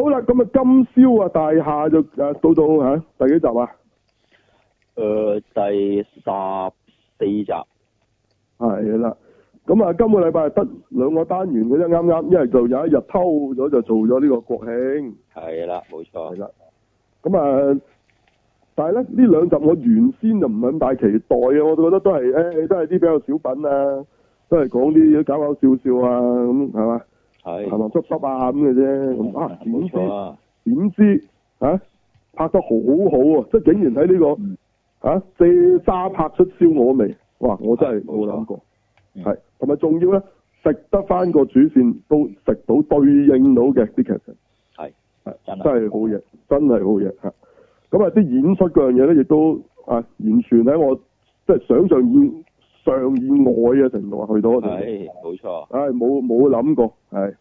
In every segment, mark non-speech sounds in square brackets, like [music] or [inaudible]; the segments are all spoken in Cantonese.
好啦，咁啊，金宵啊，大廈就誒到到吓第幾集啊？誒、呃，第十四集係啦。咁啊，今個禮拜得兩個單元嘅啫，啱啱，因為就有一日偷咗就做咗呢個國慶。係啦，冇錯。係啦。咁啊，但係咧呢兩集我原先就唔係咁大期待啊，我就覺得都係誒、欸，都係啲比較小品啊，都係講啲嘢搞搞笑笑啊，咁係嘛？係行行出濕啊咁嘅啫，咁啊點知點知啊拍得好好啊，即係竟然喺呢個、嗯、啊借沙拍出燒鵝味，哇！我真係冇諗過，係同埋仲要咧食得翻個主線，都食到對應到嘅啲劇情，係係真係好嘢，真係好嘢吓。咁啊啲演出嗰樣嘢咧，亦都啊完全喺我即係想像以。上意外啊，程度啊，去到，度，冇錯，唉、哎，冇冇諗過，係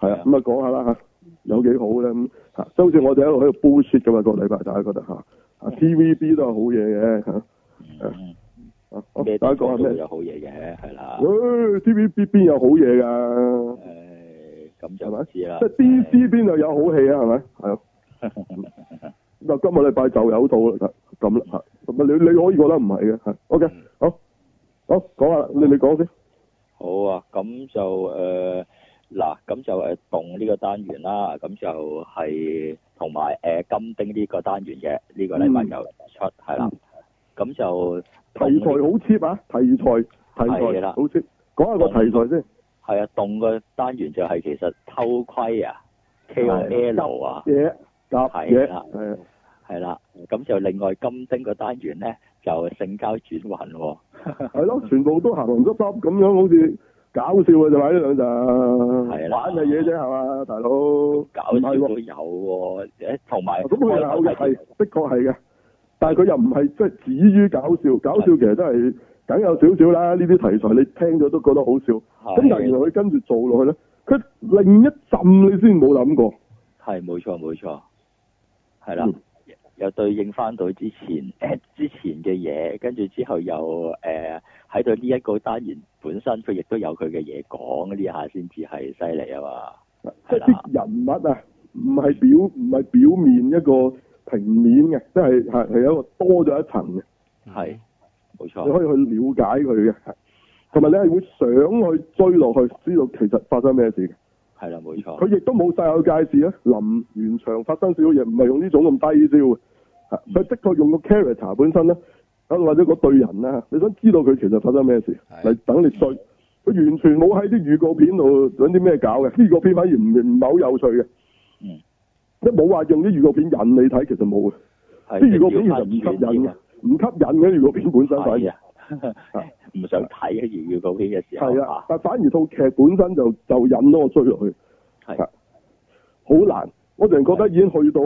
係啊，咁啊講下啦嚇，有幾好咧咁。就好似我哋喺度喺度煲雪咁啊，個禮拜大家覺得嚇。T V B 都係好嘢嘅嚇。嗯嗯。大家講、啊啊嗯啊、下咩？邊有好嘢嘅係啦。喂 T V B 邊有好嘢㗎？誒，咁就係嘛事啊。即係 D C 邊又有好戲啊？係咪？係咯。嗱，今日禮拜就有套啦，咁啦嚇。咁啊你你可以覺得唔係嘅嚇。O、okay, K，、嗯、好。好，講下你你講先。好啊，咁就誒嗱，咁就誒動呢個單元啦，咁就係同埋誒金釘呢個單元嘅呢個禮拜又出係啦，咁就題材好似啊，題材題材好似，講下個題材先。係啊，動個單元就係其實偷窺啊，K L 啊，嘢夾嘢，嗯，係啦，咁就另外金釘個單元咧。就性交轉運喎，係咯，全部都行行足濕咁樣，好似搞笑嘅就係呢兩陣，係呀，玩嘅嘢啫係嘛，大佬搞笑都、哦、有喎、哦，同埋咁佢嘅係的，的，的確係嘅，但係佢又唔係即係止於搞笑，搞笑其實都係梗有少少啦，呢啲題材你聽咗都覺得好笑，咁但係原來佢跟住做落去咧，佢另一浸你先冇諗過，係冇錯冇錯，係啦。又對應翻到之前誒之前嘅嘢，跟住之後又誒喺對呢一個單元本身也他，佢亦都有佢嘅嘢講。呢下先至係犀利啊嘛！即係啲人物啊，唔係表唔係表面一個平面嘅，即係係係一個多咗一層嘅，係、嗯、冇錯。你可以去了解佢嘅，同埋你係會想去追落去，知道其實發生咩事嘅。係啦，冇錯。佢亦都冇晒有介紹啊！臨完場發生少嘢，唔係用呢種咁低招。佢、嗯、的確用個 character 本身啦，啊或者個對人啦，你想知道佢其實發生咩事嚟，等你衰，佢、嗯、完全冇喺啲預告片度揾啲咩搞嘅。預告片反而唔唔係好有趣嘅，嗯，即冇話用啲預告片引你睇，其實冇嘅，預告片其實唔吸引嘅，唔吸引嘅預告片本身，反而唔想睇啊，而預告片嘅時候，係啊，但反而套劇本身就就引到我追落去，係，好難，我成日覺得已經去到。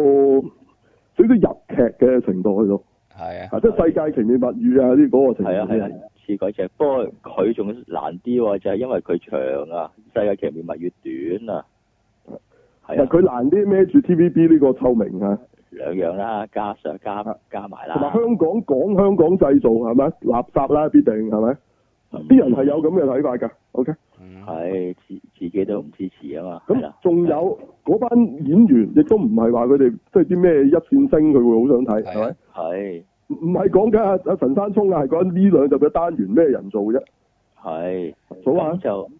整都入劇嘅程度喺度，係啊，即係世界奇妙物語啊啲嗰個程度，係啊係啊，似鬼劇，不過佢仲難啲喎，就係、是、因為佢長啊，世界奇妙物語短啊，係啊，佢、啊、難啲孭住 TVB 呢個臭名啊，兩樣啦，加，加，加上加加埋啦，同埋、啊、香港講香港製造係咪垃圾啦？必定係咪？啲、啊、人係有咁嘅睇法㗎，OK。係、嗯、自自己都唔支持啊嘛，咁仲有嗰班演員亦都唔係話佢哋即係啲咩一線星，佢會好想睇係咪？係唔唔係講噶阿陳山聰啊，係講呢兩集嘅單元咩人做啫？係，早話就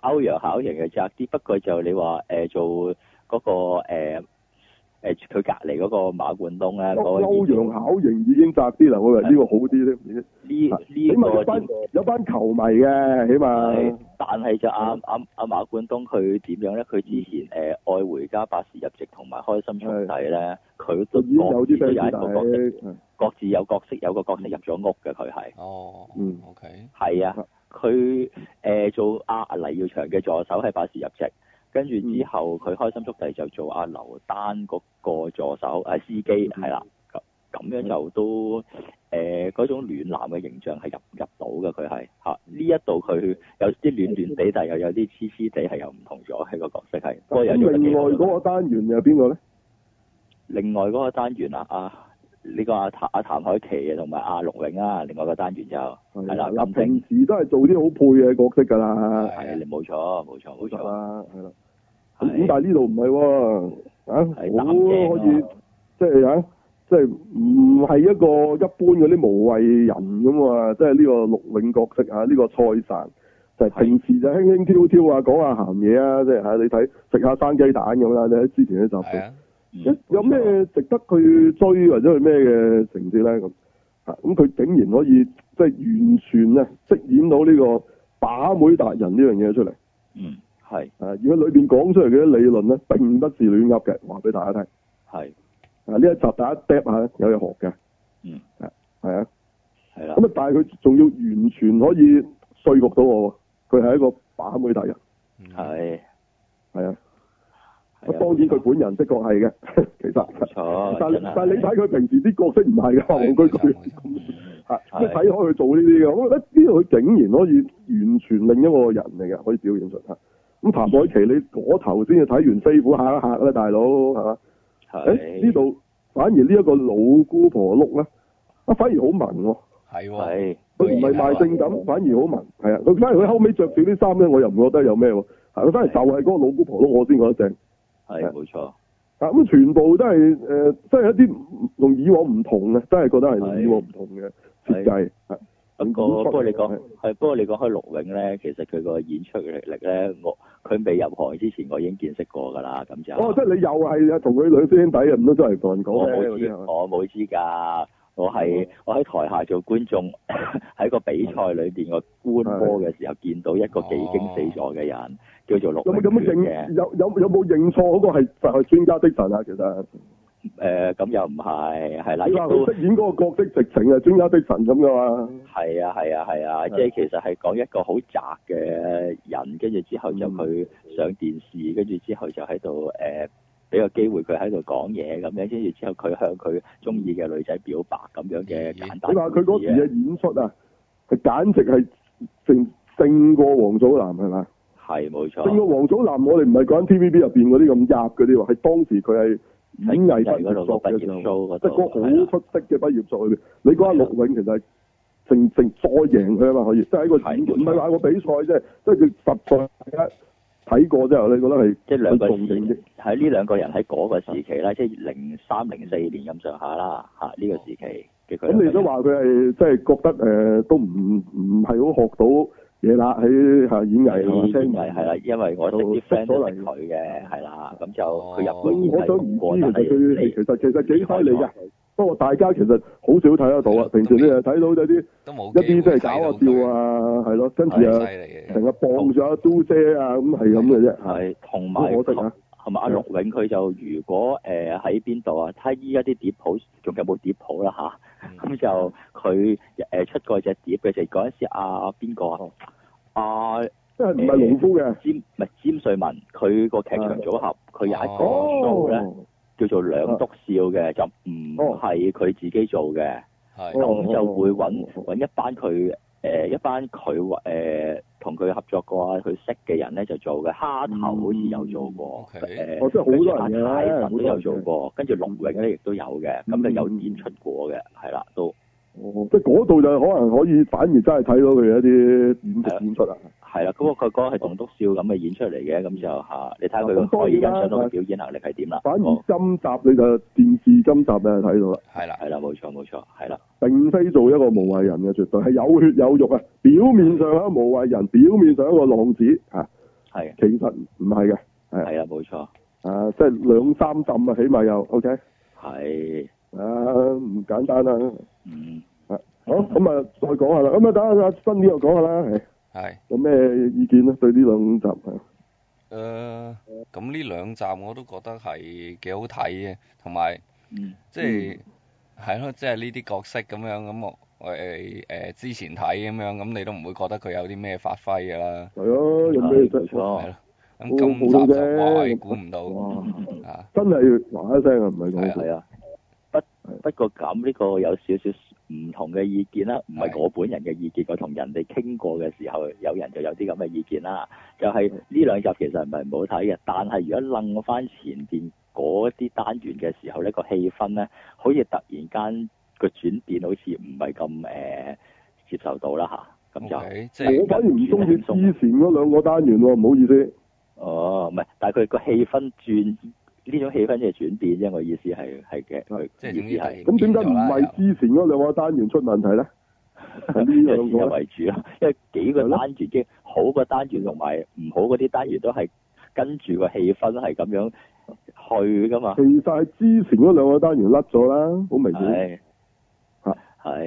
歐陽考型嘅窄啲，不過就你話誒、呃、做嗰、嗰個誒。呃誒佢隔離嗰個馬冠東咧，歐、哦、陽、那個、巧瑩已經雜啲啦，我覺得呢個好啲咧。呢呢個，起、啊、碼有班、這個、有班球迷嘅，起碼。但係就阿阿阿馬冠東佢點樣咧？佢之前誒、呃、愛回家、八時入席同埋開心速遞咧，佢都有啲。都有一個角色，各自有角色，有個角色入咗屋嘅佢係。哦、oh, okay。嗯。OK、呃。係啊，佢誒做阿黎耀祥嘅助手係八時入席。跟住之後，佢開心速遞就做阿劉丹嗰個助手，阿司機係啦。咁咁、嗯、樣就都誒嗰、嗯呃、種暖男嘅形象係入入到嘅。佢係呢一度佢有啲暖暖地、嗯，但係又有啲痴痴地，係又唔同咗係個角色係。不過有另外嗰個單元又係邊個咧？另外嗰個單元啊，啊！呢、這個阿譚阿譚凱琪啊，同埋阿陸永啊，另外一個單元就係啦，咁、啊啊、平時都係做啲好配嘅角色㗎啦。係、啊，你冇、啊、錯，冇錯，冇錯，錯啊，係啦、啊。咁但係呢度唔係喎，啊，好好似即係嚇，即係唔係一個一般嗰啲無謂人咁啊！即係呢個陸永角色啊，呢、這個蔡神，就是、平時就輕輕挑挑、就是、啊，講下鹹嘢啊，即係係你睇食下生雞蛋咁啦。你喺之前啲集嗯、有咩值得佢追或者佢咩嘅情節咧咁？咁、啊、佢、嗯、竟然可以即係完全咧飾演到呢個把妹達人呢樣嘢出嚟。嗯，係。啊，而喺裏邊講出嚟嘅理論咧，並不是亂噏嘅，話俾大家聽。係。啊，呢一集大家 drop 吓，有嘢學嘅。嗯。係係啊。係啦、啊。咁啊，啊，但係佢仲要完全可以說服到我，佢係一個把妹達人。係。係啊。咁當然佢本人的確係嘅，其實，冇錯。但但你睇佢平時啲角色唔係嘅，憨憨居居，係即睇開去做呢啲嘅。我覺得呢度佢竟然可以完全另一個人嚟嘅，可以表現出嚇。咁譚凱琪，你、嗯、嗰頭先要睇完飛虎下一刻咧，大佬係嘛？係。欸，呢度反而呢一個老姑婆碌咧，啊反而好文喎。係喎。佢唔係賣性感，反而好文、哦。係啊，佢反而佢後尾着少啲衫咧，我又唔覺得有咩喎。係，佢反而就係嗰個老姑婆碌，我先覺得正。係冇錯，啊咁、嗯、全部都係誒，真係一啲同以往唔同嘅，真係覺得係同以往唔同嘅設計。係不過你講，係不過你講開龍永咧，其實佢個演出嘅力力咧，我佢未入行之前，我已經見識過噶啦。咁就哦，即係你又係啊，同佢兩兄弟唔都真係講。我冇知，我冇知噶。我係我喺台下做觀眾，喺 [laughs] 個比賽裏邊個觀波嘅時候，見到一個已經死咗嘅人，叫做六。有冇咁認？有有有冇認錯是？嗰個係就係專家的神啊！其實是。誒、呃，咁又唔係，係拉到。因為佢飾演嗰個角色直情係專家的神咁啊。係啊係啊係啊，啊，啊，即係其實係講一個好宅嘅人，跟住之後就去上電視，跟、嗯、住之後就喺度誒。呃俾個機會佢喺度講嘢咁樣，跟住之後佢向佢中意嘅女仔表白咁樣嘅簡單。你話佢嗰時嘅演出啊，佢簡直係勝勝過王祖藍係嘛？係冇錯。勝過王祖藍，我哋唔係講 T V B 入面嗰啲咁弱嗰啲喎，係當時佢係演藝班入讀嘅時候即係嗰個好，就是，出色嘅畢業作。你講下陸永其實係正成再贏佢啊嘛？可以，即係喺個唔係話個比賽啫，即係佢實在睇過之後你覺得係即係兩個時喺呢兩個人喺嗰個時期啦、嗯，即係零三零四年咁上下啦，嚇、嗯、呢、這個時期嘅佢。咁、嗯、你都話佢係即係覺得誒、呃、都唔唔係好學到嘢啦，喺演藝。演藝係啦，因為我識的都識咗人佢嘅係啦，咁、嗯、就佢入邊係過得去。其實其實幾犀利㗎。不過大家其實好少睇得到啊，平時你啊睇到就啲一啲即係搞下笑啊，係、嗯、咯，跟住啊成日傍住阿 Do 姐啊，咁係咁嘅啫，係同埋我得，同埋阿陸永佢就如果誒喺邊度啊？睇依家啲碟舖仲有冇碟舖啦吓，咁就佢誒出過隻碟嘅就係嗰陣時阿邊個啊？即係唔係農夫嘅？詹，唔係詹瑞文，佢個劇場組合佢有一個數叫做兩篤笑嘅就唔係佢自己做嘅，咁、哦、就會揾揾、哦、一班佢誒一班佢誒同佢合作過啊，佢識嘅人咧就做嘅。蝦頭好似有做過，誒、嗯，即係好多人啊，都、okay. 哦、有，有做過。跟、哦、住陸永咧亦都有嘅，咁、嗯、就有演出過嘅，係啦，都。哦、即係嗰度就可能可以反而真係睇到佢嘅一啲演出演出啊，係啦，嗰、嗰個佢哥係棟篤笑咁嘅演出嚟嘅，咁就吓、啊、你睇佢可以欣賞到表演能力係點啦。反而今集、哦、你就電視今集你就睇到啦，係啦係啦，冇錯冇錯，係啦，並非做一個無謂人嘅，絕對係有血有肉啊！表面上啊無謂人，表面上一個浪子吓，係、啊、其實唔係嘅，係啦冇錯啊，即係兩三浸啊，起碼又 OK，係啊唔簡單啦。嗯，好，咁啊，再講下啦，咁啊，等下阿新宇又講下啦，係，係，有咩意見咧？對呢兩集係，誒，咁呢兩集我都覺得係幾好睇嘅，同埋、嗯，即係，係咯，即係呢啲角色咁樣，咁我誒誒之前睇咁樣，咁你都唔會覺得佢有啲咩發揮噶啦？係咯，有咩嘅跡象？係咯，咁、嗯、今集就話估唔到，真係要哇一聲啊，唔係講笑。不過咁呢、呢個有少少唔同嘅意見啦，唔係我本人嘅意見，我同人哋傾過嘅時候，有人就有啲咁嘅意見啦。就係呢兩集其實唔係唔好睇嘅，但係如果諗返前邊嗰啲單元嘅時候，呢、呢個氣氛呢好似突然間個轉變好似唔係咁誒接受到啦吓，咁就、okay. 嗯、我反而唔中意之前嗰兩個單元喎，唔好意思。哦，唔係，但係佢個氣氛轉。呢種氣氛嘅轉變啫，我意思係係嘅，係即係已咁點解唔係之前嗰兩個單元出問題咧？ [laughs] [laughs] 個呢為主，因為幾個單元即 [laughs] 好嘅單元同埋唔好嗰啲單元都係跟住個氣氛係咁樣去㗎嘛。其實係之前嗰兩個單元甩咗啦，好明顯。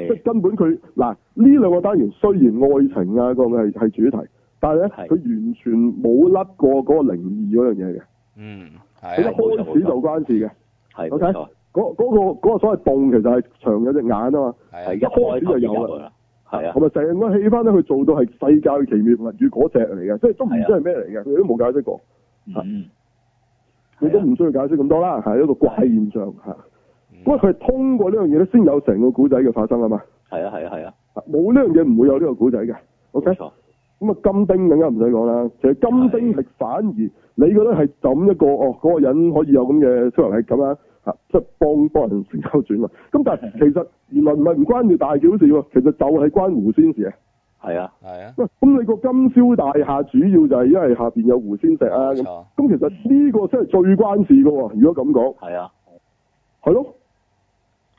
即根本佢嗱呢兩個單元雖然愛情啊個係係主題，但係咧佢完全冇甩過嗰個靈異嗰樣嘢嘅。嗯。佢一、啊、開始就關事嘅，係，OK，嗰嗰、嗰個、嗰個所謂洞，其實係長有隻眼啊嘛，係，一開始就有啦，係啊，同埋成個氣氛咧，佢做到係世界奇妙物語嗰隻嚟嘅，即係都唔知係咩嚟嘅，佢、啊、都冇解釋過，嗯、啊啊，你都唔需要解釋咁多啦，係、啊、一個怪現象吓、啊啊啊，因為佢係通過呢樣嘢咧，先有成個古仔嘅發生啊嘛，係啊係啊係啊，冇呢樣嘢唔會有呢個古仔嘅，OK。咁啊金丁更加唔使講啦，其實金丁係反而你覺得係咁一個哦，嗰、嗰個人可以有咁嘅出嚟係咁樣吓，即係幫幫人成交轉啦。咁但係其實原來唔係唔關你大件事，其實就係關狐仙事啊。係啊係啊，喂，咁你個金宵大廈主要就係因為下邊有狐仙石啊。咁其實呢個先係最關事噶，如果咁講。係啊。係咯，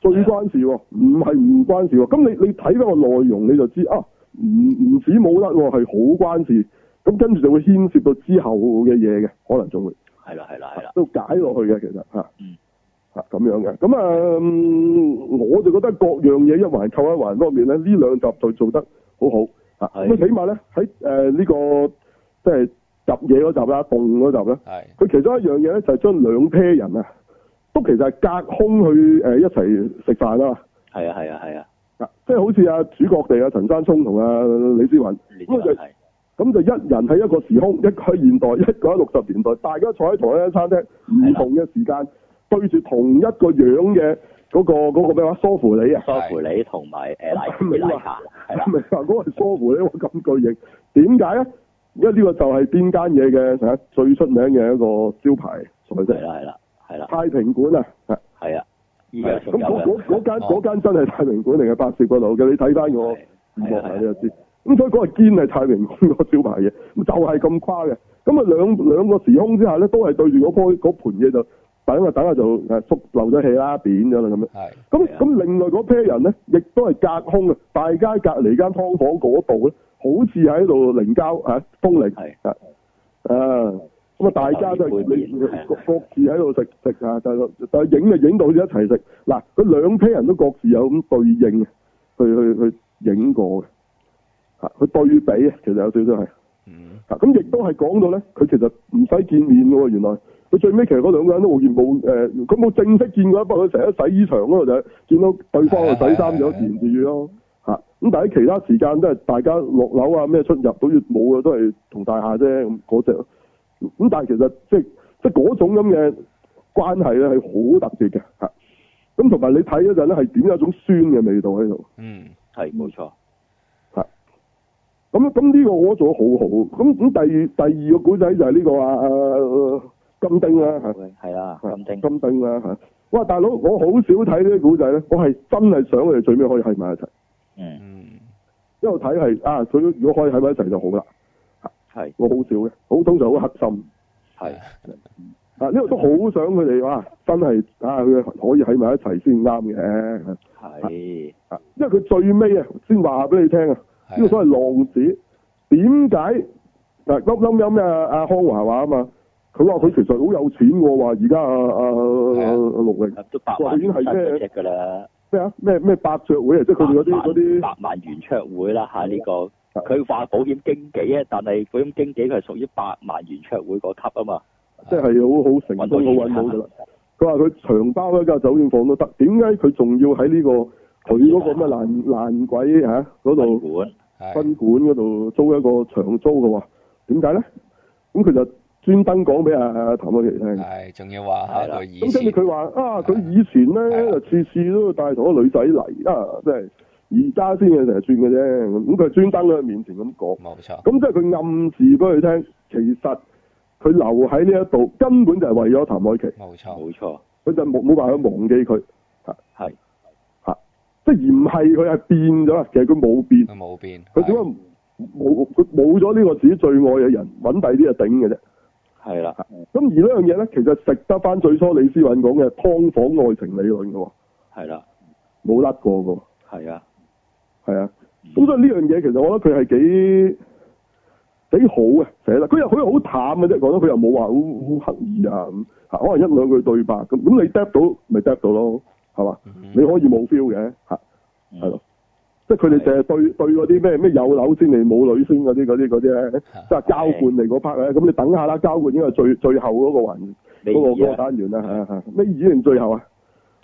最關事，唔係唔關事。咁你你睇翻個內容你就知啊。唔唔止冇得，係好關事。咁跟住就會牽涉到之後嘅嘢嘅，可能仲會係啦，係啦，係啦，都解落去嘅其實嚇，嚇、嗯、咁樣嘅。咁、嗯、啊，我就覺得各樣嘢一環扣一環方面咧，呢兩集就做得好好嚇。咁、啊、起碼咧喺誒呢個即係、即係、集嘢嗰集啦，洞嗰集咧，佢其中一樣嘢咧就將兩 pair 人啊，都其實係隔空去誒一齊食飯啦。係啊，係啊，係啊。即係好似啊主角地啊，陳山聰同阿李思云咁就一人喺一個時空，一個喺現代，一個喺六十年代，大家坐喺同一間餐廳，唔同嘅時間，對住同一個樣嘅嗰、嗰個嗰、嗰個咩話？梳乎厘、欸、啊，梳乎厘同埋誒，李明霞，李明霞嗰個梳乎厘我咁覺型，點解啊？啊 [laughs] 因為呢個就係邊間嘢嘅吓最出名嘅一個招牌，菜式啦，係啦，係啦，太平館啊，係啊。咁嗰間嗰間真係太明館嚟嘅，百事過頭嘅？你睇翻我，唔落下你一知。咁所以嗰個堅係太明館個招牌嘢，咁就係、是、咁誇嘅。咁啊兩兩個時空之下咧，都係對住嗰棵嗰盤嘢就等啊，等下就係縮漏咗氣啦，扁咗啦咁樣咁咁另外嗰 p 人咧，亦都係隔空啊，大街隔離間湯房嗰度咧，好似喺度凝交啊，封零咁啊，大家都係各自喺度食食啊，但係但係影就影到好似一齊食。嗱，佢兩批人都各自有咁對應去去去影過嘅，吓去對比啊，其實有少少係。吓咁亦都係講到咧，佢其實唔使見面喎。原來佢最尾其實嗰兩個人都冇見冇誒，佢冇正式見過，不過佢成日洗衣場嗰度就見到對方去洗衫咗自言自語咯。吓、嗯、咁但係其他時間都係大家落樓啊咩出入，沒有都冇嘅都係同大廈啫咁只。那個咁但係其實即係即係嗰種咁嘅關係咧係好特別嘅吓，咁同埋你睇嗰陣咧係點有一種酸嘅味道喺度。嗯，係冇錯。係。咁咁呢個我做得好好。咁咁第二第二個古仔就係呢個啊、呃，金丁啦，係係啦，金丁金丁啦吓。哇，大佬，我好少睇呢啲古仔咧，我係真係想佢哋最尾可以喺埋一齊。嗯。因為我睇係啊，佢如果可以喺埋一齊就好啦。係，我好少嘅，好通常好黑心。係啊，因為都好想佢哋啊，真係啊，佢可以喺埋一齊先啱嘅。係，因為佢最尾啊，先話俾你聽啊，呢、這個所謂浪子，點解？嗱、啊，諗諗有咩？阿康華話啊嘛，佢話佢其實好有錢，啊，話而家阿阿阿陸永都，都了他他已經係即係啦。咩啊？咩咩百桌會啊？即係佢哋嗰啲啲百萬元桌會啦吓，呢、這個。佢話保險經紀啊，但係保險經紀佢係屬於百萬元桌會個級啊嘛，即係好好成功嘅啦。佢話佢長包一間酒店房都得，點解佢仲要喺呢、呢個佢嗰個咩爛，爛鬼嚇嗰度賓館嗰度租一個長租嘅話？點解咧？咁佢就專登講俾阿阿譚哥琪聽。係仲要話係啦。咁跟住佢話啊，佢以前咧次次都要帶同女仔嚟啊，即、就、係、是。而家先嘅成日算嘅啫，咁佢專登喺佢面前咁講，冇錯。咁即係佢暗示俾佢聽，其實佢留喺呢一度根本就係為咗譚凱琪，冇錯冇錯。佢就冇冇辦法忘記佢，係係吓，即係而唔係佢係變咗啦，其實佢冇變，佢冇變。佢點解冇佢冇咗呢個自己最愛嘅人，搵第啲啊頂嘅啫，係啦。咁而呢樣嘢咧，其實食得翻最初李思韻講嘅劏房愛情理論喎。係啦，冇甩過嘅，係啊。係啊，咁所以呢樣嘢其實我覺得佢係幾幾好啊。寫啦。佢又佢又好淡嘅啫，講得佢又冇話好好刻意啊咁嚇，可能一兩句對白咁咁你搭到咪搭到咯，係嘛？Mm -hmm. 你可以冇 feel 嘅嚇係咯，即係佢哋成日對、mm -hmm. 對嗰啲咩咩有樓先嚟冇女先嗰啲嗰啲嗰啲咧，mm -hmm. 即係交換嚟嗰 part 咧。咁你等下啦，交換應該係最最後嗰個環嗰、啊嗰個單元啦，係係咩已經最後啊？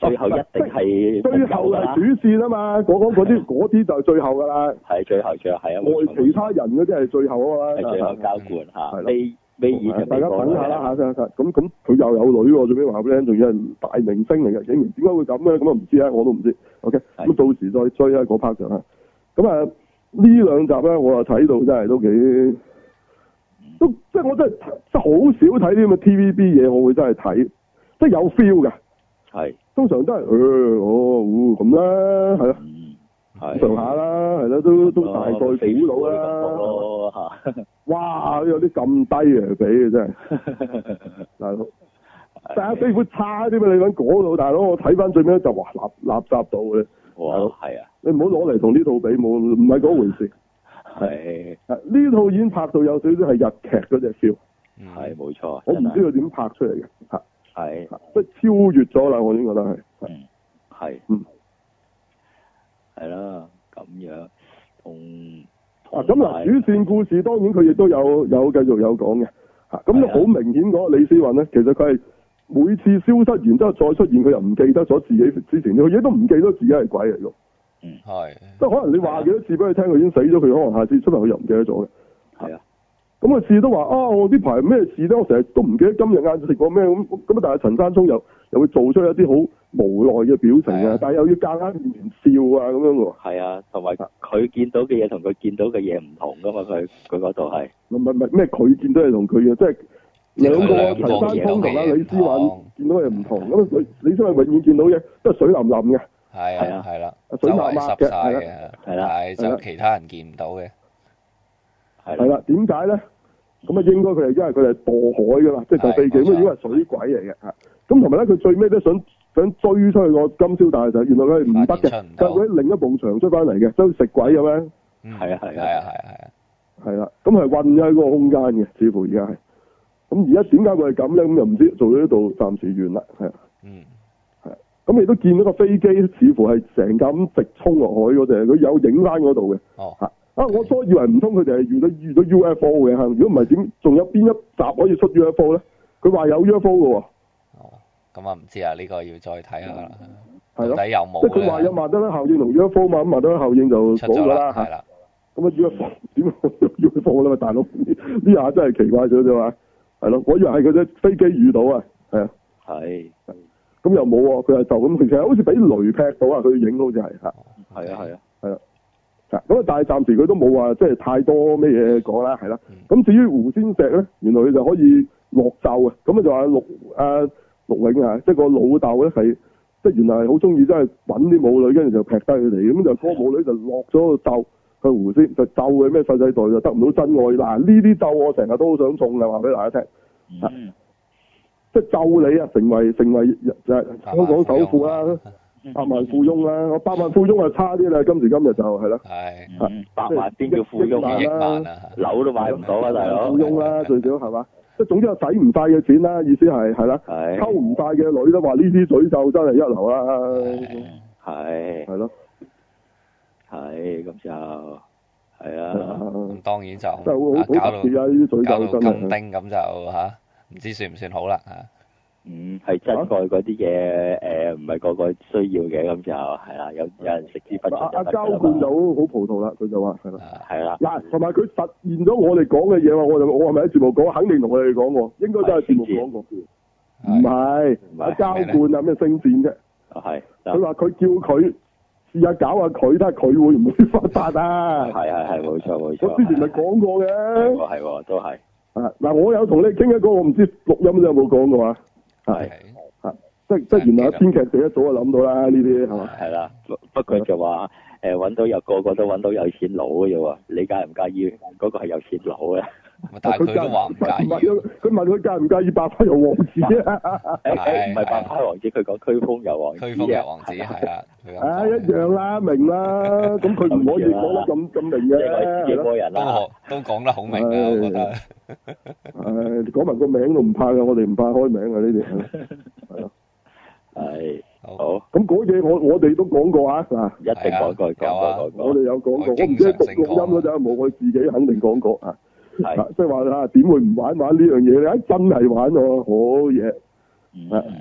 最後一定係最後係主線啊嘛！我講嗰啲嗰啲就係最後噶啦。係最後，最後係啊！我其他人嗰啲係最後，的是最後是啊嘛。係最後交換嚇。你、啊，你演大家等下啦嚇，咁咁佢又有女喎，最屘話俾你聽，仲有人大明星嚟嘅竟然，點解會咁咧？咁啊唔知，知、OK？啊，我都唔知。OK，咁到時再追那那啊嗰 part 就啦。咁啊呢兩集咧，我啊睇到真係都幾都即係我真係即係好少睇啲咁嘅 TVB 嘢，我會真係睇，即係有 feel 嘅。係、啊。通常都係，誒、欸，哦，咁、哦、啦，係、哦、啊，正、嗯、常下啦，係啦，都都大概估到啦，吓、啊，哇，有啲咁低嚟比嘅真係 [laughs] 大佬，但係飛虎差啲咩？你揾嗰套大佬，我睇翻最尾就話，垃垃雜到嘅，大佬係啊，你唔好攞嚟同呢套比，冇，唔係嗰回事，係、啊，呢套已經拍到有少少係日劇嗰隻 feel，係，冇、嗯、錯，我唔知佢點拍出嚟嘅，嚇。係，即係超越咗啦，我已經覺得係。嗯，係，嗯，係啦，咁樣同啊咁嗱，主線故事當然佢亦都有有繼續有講嘅，吓咁好明顯嗰李施嬅咧，其實佢係每次消失然之後再出現，佢又唔記得咗自己之前，佢亦都唔記得自己係鬼嚟嘅。嗯，係，即係可能你話幾多次俾佢聽，佢已經死咗，佢可能下次出嚟佢又唔記得咗嘅。係啊。咁啊，事都話啊，我呢排咩事我都我成日都唔記得今日晏食過咩咁咁但係陳山聰又又會做出一啲好無奈嘅表情啊，但係又要夾硬笑啊咁樣喎。係啊，同埋佢見到嘅嘢同佢見到嘅嘢唔同噶嘛，佢佢嗰度係唔係唔係咩？佢見到嘢同佢啊，即係兩個陳山聰同阿李施嬅見到嘅嘢唔同。咁啊，李、嗯、李施嬅永遠見到嘢都係水淋淋嘅，係啊，係啦、啊，水淋淋嘅係啦，啊啊啊啊啊、其他人見唔到嘅係啦。點解咧？咁啊、就是，應該佢哋因為佢哋係墮海噶啦，即係就飛機咁啊，如果係水鬼嚟嘅，嚇咁同埋咧，佢最尾都想想追出去個金宵大廈，原來佢係唔得嘅，但佢喺另一埲牆出翻嚟嘅，都食鬼咁樣？係啊係啊係啊係啊係啦，咁係混咗喺個空間嘅，似乎而家係咁而家點解會係咁咧？咁又唔知，做到呢度暫時完啦，係啊，係咁亦都見到個飛機，似乎係成架咁直衝落海嗰陣，佢有影翻嗰度嘅，哦嚇。啊！我初以為唔通佢哋係遇到遇到 UFO 嘅，吓如果唔係點？仲有邊一集可以出 UFO 咧？佢話有 UFO 嘅、啊。哦，咁啊唔知啊，呢、這個要再睇下啦。係咯、啊，到底有冇？即係佢話有曼德拉效應同 UFO 嘛，咁曼德拉效應就冇噶啦，係啦。咁啊，UFO 點 UFO 咧？咪大佬呢下真係奇怪咗啫嘛？係咯、啊，我以為係佢隻飛機遇到啊，係啊。係、嗯。咁、嗯、又冇啊？佢係就咁，其實好似俾雷劈到啊！佢影到就係吓。係啊係啊，係啦、啊。咁啊，但係暫時佢都冇話即係太多咩嘢講啦，係啦。咁、嗯、至於狐仙石咧，原來佢就可以落咒嘅。咁啊就話陸誒、啊、陸永啊，即係個老竇咧，係即係原來係好中意，真係揾啲舞女，跟住就劈低佢哋，咁、嗯、就個舞女就落咗個咒，個狐仙就咒佢咩世世代就得唔到真愛。嗱，呢啲咒我成日都想送嘅，話俾大家聽、嗯啊，即係咒你啊，成為成為香、嗯、港首富啊！嗯嗯百萬富翁啦，我百萬富翁就差啲啦，今時今日就係咯。係，百萬邊叫富翁億萬啊！樓都買唔到啊，大佬、啊。富翁，富翁啦，最少係嘛？即係總之係使唔晒嘅錢啦，意思係係啦。係。抽唔晒嘅女都話呢啲水袖真係一流啦。係。係咯。係咁就係啊！當然就啊會，搞到啊啲水袖真係金丁咁就嚇，唔、啊、知算唔算好啦嚇？嗯，係真嘅嗰啲嘢，誒、啊，唔係、呃、個個需要嘅，咁就係啦。有有人食啲不，阿、啊、交冠就好好葡萄啦。佢就、啊啊嗯啊、話係啦，係啦。嗱，同埋佢實現咗我哋講嘅嘢我就我係咪喺節目講？肯定同佢哋講過，應該都係節目講過嘅。唔係阿交冠啊，咩星箭啫？啊係，佢話佢叫佢試下搞下佢，睇下佢會唔會發達啊？係係係，冇錯我之前咪講過嘅。係，都係。嗱、啊，我有同你傾一個，我唔知錄音你有冇講過話。係，吓，okay，即即原來編劇佢一早就諗到啦，呢啲係嘛？係啦，不不過就話，誒、欸、揾到有個個都揾到有錢佬嘅咋喎，你介唔介意？嗰、那個係有錢佬嘅。但係佢都話唔介意。佢問佢介唔介意白花油王子啊？係唔係白花王子？佢講驅風油王子。驅風油王子係啊。啊，一樣啦，明啦。咁佢唔可以講得咁咁明嘅。都可都講得好明嘅，我覺得。唉，講埋個名都唔怕嘅，我哋唔怕開名啊呢啲。係。好。咁嗰嘢我我哋都講過啊，嗱，一定講過講過講過。我哋有講過，我唔知讀讀音嗰陣，冇我自己肯定講過啊。係，即係話啊，點會唔玩玩呢樣嘢咧？真係玩喎，好嘢。係，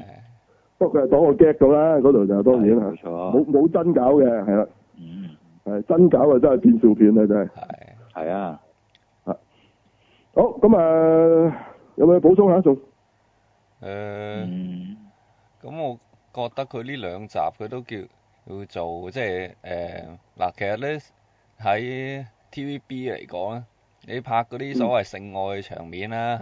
不過佢係當我 get 噶啦，嗰度就當然係冇冇真搞嘅，係啦。嗯，係真搞就真係變笑片啦，真係。係，係啊。啊，好，咁啊，有冇補充下啊？仲？誒，咁我覺得佢呢兩集佢都叫叫做即係誒嗱，其實咧喺 TVB 嚟講咧，你拍嗰啲所謂性愛嘅場面啦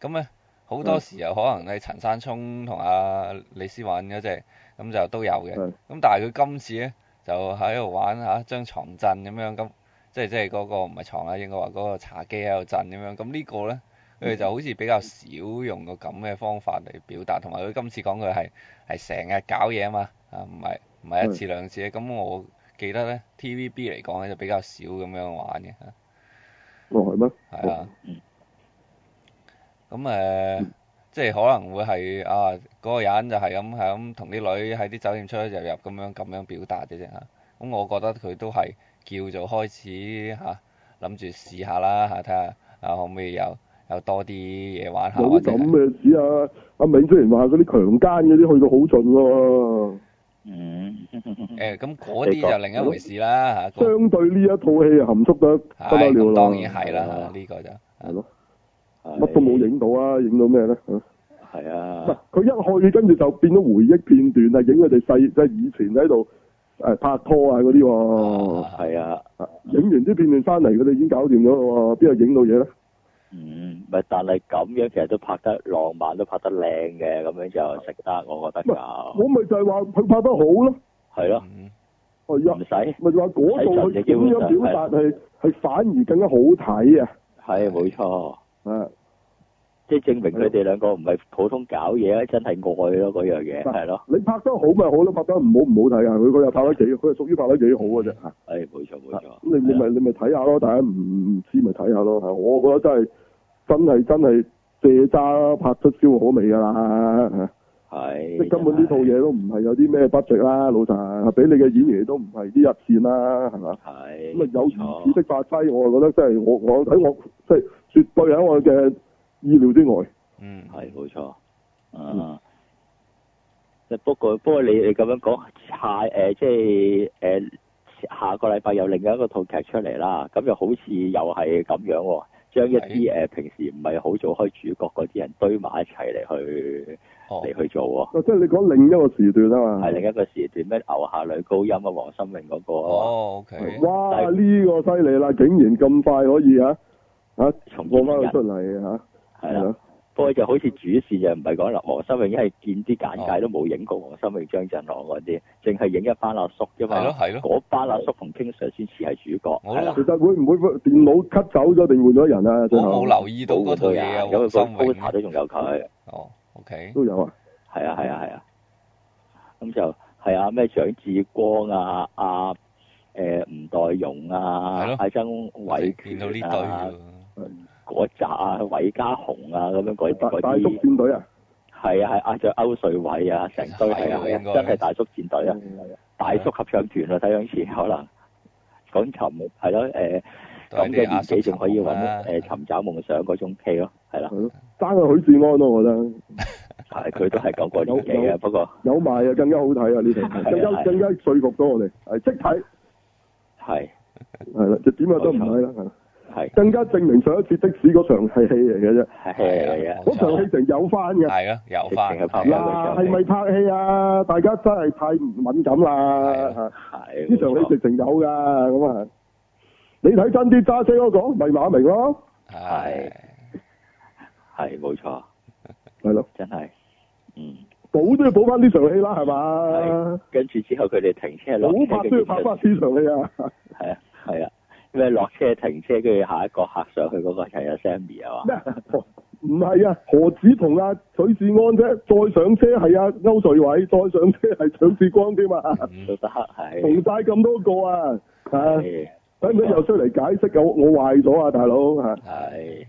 嚇，咁咧好多時候可能係陳山聰同阿李施嬅嗰隻，咁就都有嘅。咁、嗯、但係佢今次咧就喺度玩嚇張床震咁樣，咁即係即係嗰個唔係床啊，應該話嗰個茶几喺度震咁樣。咁呢個咧佢就好似比較少用個咁嘅方法嚟表達，同埋佢今次講佢係係成日搞嘢啊嘛，啊唔係唔係一次兩次咁、嗯、我記得咧 TVB 嚟講咧就比較少咁樣玩嘅。哦，係咩？係啊。咁、哦、誒、呃嗯，即係可能會係啊，嗰、嗰個人就係咁，係咁同啲女喺啲酒店出出入入咁樣咁樣表達嘅啫嚇。咁我覺得佢都係叫做開始嚇，諗、啊、住試下啦嚇，睇下啊可唔可以有有多啲嘢玩下或者。有啲咁嘅事啊！阿、啊、銘雖然話嗰啲強姦嗰啲去到好盡喎、啊。嗯，誒，咁嗰啲就另一回事啦吓，相對呢一套戲啊，含蓄得不得了啦，當然係啦，呢個就係咯，乜都冇影到啊，影到咩咧？係啊，唔係佢一去跟住就變咗回憶片段啊，影佢哋細即係以前喺度誒拍拖啊嗰啲喎，係啊，影完啲片段翻嚟，佢哋已經搞掂咗咯喎，邊度影到嘢咧？嗯，咪但係咁樣，其實都拍得浪漫，都拍得靚嘅，咁樣就食得，我覺得。唔，我咪就係話佢拍得好咯。係咯，嗯，係唔使咪就話嗰套佢點樣表達係係反而更加好睇啊！係冇錯，即係證明佢哋兩個唔係普通搞嘢啊，真係愛咯嗰樣嘢係咯。你拍得好咪好咯，拍得唔好唔好睇啊！佢佢又拍得幾，佢係屬於拍得幾好嘅啫吓。冇錯冇錯，你你咪你咪睇下咯，大家唔唔知咪睇下咯，係，我覺得真係。真係真係借渣拍出超好味噶啦，係即係根本呢套嘢都唔係有啲咩 budget 啦，老實，俾你嘅演員都唔係啲一線啦，係嘛？係咁啊，有如此發揮，我覺得真係我我睇我即係絕對喺我嘅意料之外。嗯，係冇錯啊。不過不過你你咁樣講，下誒、呃、即係誒、呃、下個禮拜有另外一個套劇出嚟，啦咁又好似又係咁樣、哦。將一啲誒平時唔係好做開主角嗰啲人堆埋一齊嚟去嚟、哦、去做喎，即、啊、係、就是、你講另一個時段啊嘛，係另一個時段咩？牛下女高音啊，黃心穎嗰、那個、哦，OK。哇呢、這個犀利啦，竟然咁快可以啊啊，重播翻佢出嚟嚇，係啊。不過就好似主線就唔係講啦，黃心穎因為見啲簡介都冇影過黃心穎、張振朗嗰啲，淨係影一班阿叔啫嘛。係咯係咯。嗰班阿叔同 King Sir 先似係主角，哦哦。其實會唔會電腦 cut 走咗定換咗人啊？我冇留意到嗰套嘢啊，新、啊《烏龍茶》都仲有佢。哦，OK。都有。係啊係啊係啊。咁就係啊咩蔣志光啊阿誒吳岱融啊，阿曾偉權啊。嗰扎啊，韋家雄啊，咁樣嗰啲嗰啲，係啊係啊，仲有歐瑞偉啊，成堆係啊，真係大叔戰隊啊，啊，啊，大叔合唱團啊，睇嗰次可能講尋係咯，誒咁嘅年紀仲可以搵誒尋找夢、啊、想嗰種劇咯、啊，係啦爭個許志安咯，我覺得、啊，係，佢都係嗰個年紀不過有埋啊，更加好睇啊，呢套、啊、更加、啊、更加說服咗我哋係即睇，係係啦，就點都唔係啦，係、啊。 [laughs] [laughs] 係、啊、更加證明上一次的士嗰場係戲嚟嘅啫，係啊，嗰、啊啊、場戲直情有翻嘅，係咯、啊，有翻嗱，係咪、啊、拍戲啊？大家真係太唔敏感啦，係呢、啊啊、場戲直情有噶，咁啊，你睇真啲揸車嗰個咪馬明咯，係係冇錯，係 [laughs] 咯真的，真係，嗯，補都要補翻呢場戲啦，係嘛、啊，跟住之後佢哋停車攞，好拍都要拍翻呢場戲啊，係啊，係啊。咩落車停車，跟住下一個客上去嗰個係阿 Sammy 啊嘛？唔係啊，何止同阿許志安啫。再上車係阿歐瑞偉，再上車係蔣志光添啊。得係，同帶咁多個啊，使唔使又出嚟解釋啊？我我壞咗啊，大佬 [laughs] [laughs] 啊，係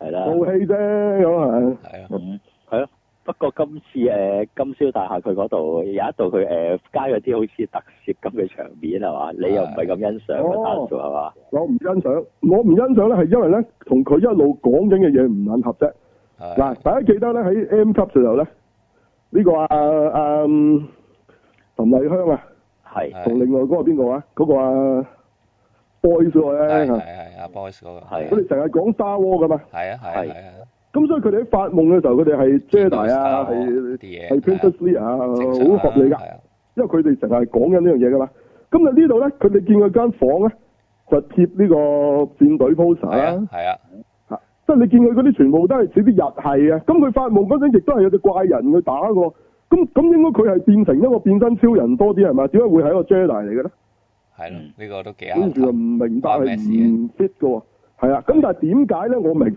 係啦，做戲啫咁啊。不過今次金宵大廈佢嗰度有一度佢誒加啲好似特色咁嘅場面係嘛？你又唔係咁欣賞啊？係嘛、哦？我唔欣賞，我唔欣賞咧係因為咧，同佢一路講緊嘅嘢唔吻合啫。嗱，大家記得咧喺 M 級時候咧，呢、呢個啊啊陳、呃、麗香啊，同另外嗰個邊個、啊嗰個啊？嗰、嗰個啊係 Boys 啊，係係阿 Boys 佢哋成日講砂鍋噶嘛？啊啊。咁、嗯、所以佢哋喺發夢嘅時候，佢哋係 Jedi 啊，係 Princess Leia 啊，好合理噶。因為佢哋成日講緊呢樣嘢噶嘛。咁啊呢度咧，佢哋見佢間房咧，就貼呢個戰隊 poster。係啊，啊，嚇！即係你見佢嗰啲全部都係似啲日系啊，咁佢發夢嗰陣亦都係有隻怪人去打個。咁咁應該佢係變成一個變身超人多啲係嘛？點解會係一個 Jedi 嚟嘅咧？係咯，呢、呢個都幾。跟住就唔明白係唔 fit 嘅喎。係啊，咁但係點解咧？我明。嗯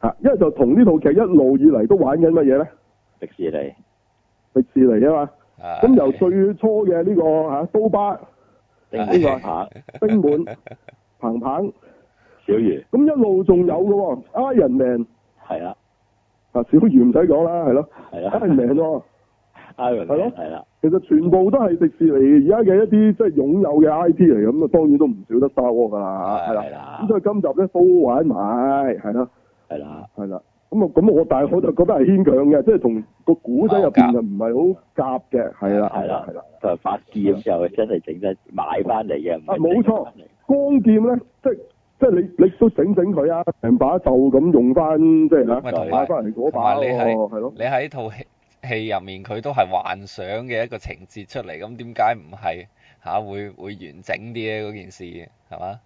吓，因為就同呢套劇一路以嚟都玩緊乜嘢咧？迪士尼，迪士尼啊嘛。咁、哎、由最初嘅呢、這個吓，刀疤，邊個啊？丁滿，彭、哎、彭、這個哎， [laughs] 小魚。咁一路仲有嘅，Iron Man。係、嗯、啦。啊，小魚唔使講啦，係咯。係咯。Iron Man 喎。Iron。係咯。係啦。Man，啦 [laughs] Man，是啦 [laughs] 其實全部都係迪士尼而家嘅一啲即係擁有嘅 IP 嚟嘅，咁啊當然都唔少得沙窩噶啦吓，係啦。咁所以今集咧都玩埋，係咯。係啦，係啦，咁、嗯嗯嗯，就是、啊，咁我大係我就覺得係牽強嘅，即係同個古仔入邊就唔係好夾嘅，係啦，係啦，係啦，啦，就係發劍，又真係整得買翻嚟嘅，冇錯、啊，光劍咧，即係即係你你都做做整整佢啊，成把就咁用翻，即係吓，買翻嚟嗰把咯，係咯，你喺套戲戲入面佢都係幻想嘅一個情節出嚟，咁點解唔係吓會會完整啲咧嗰件事，係嘛？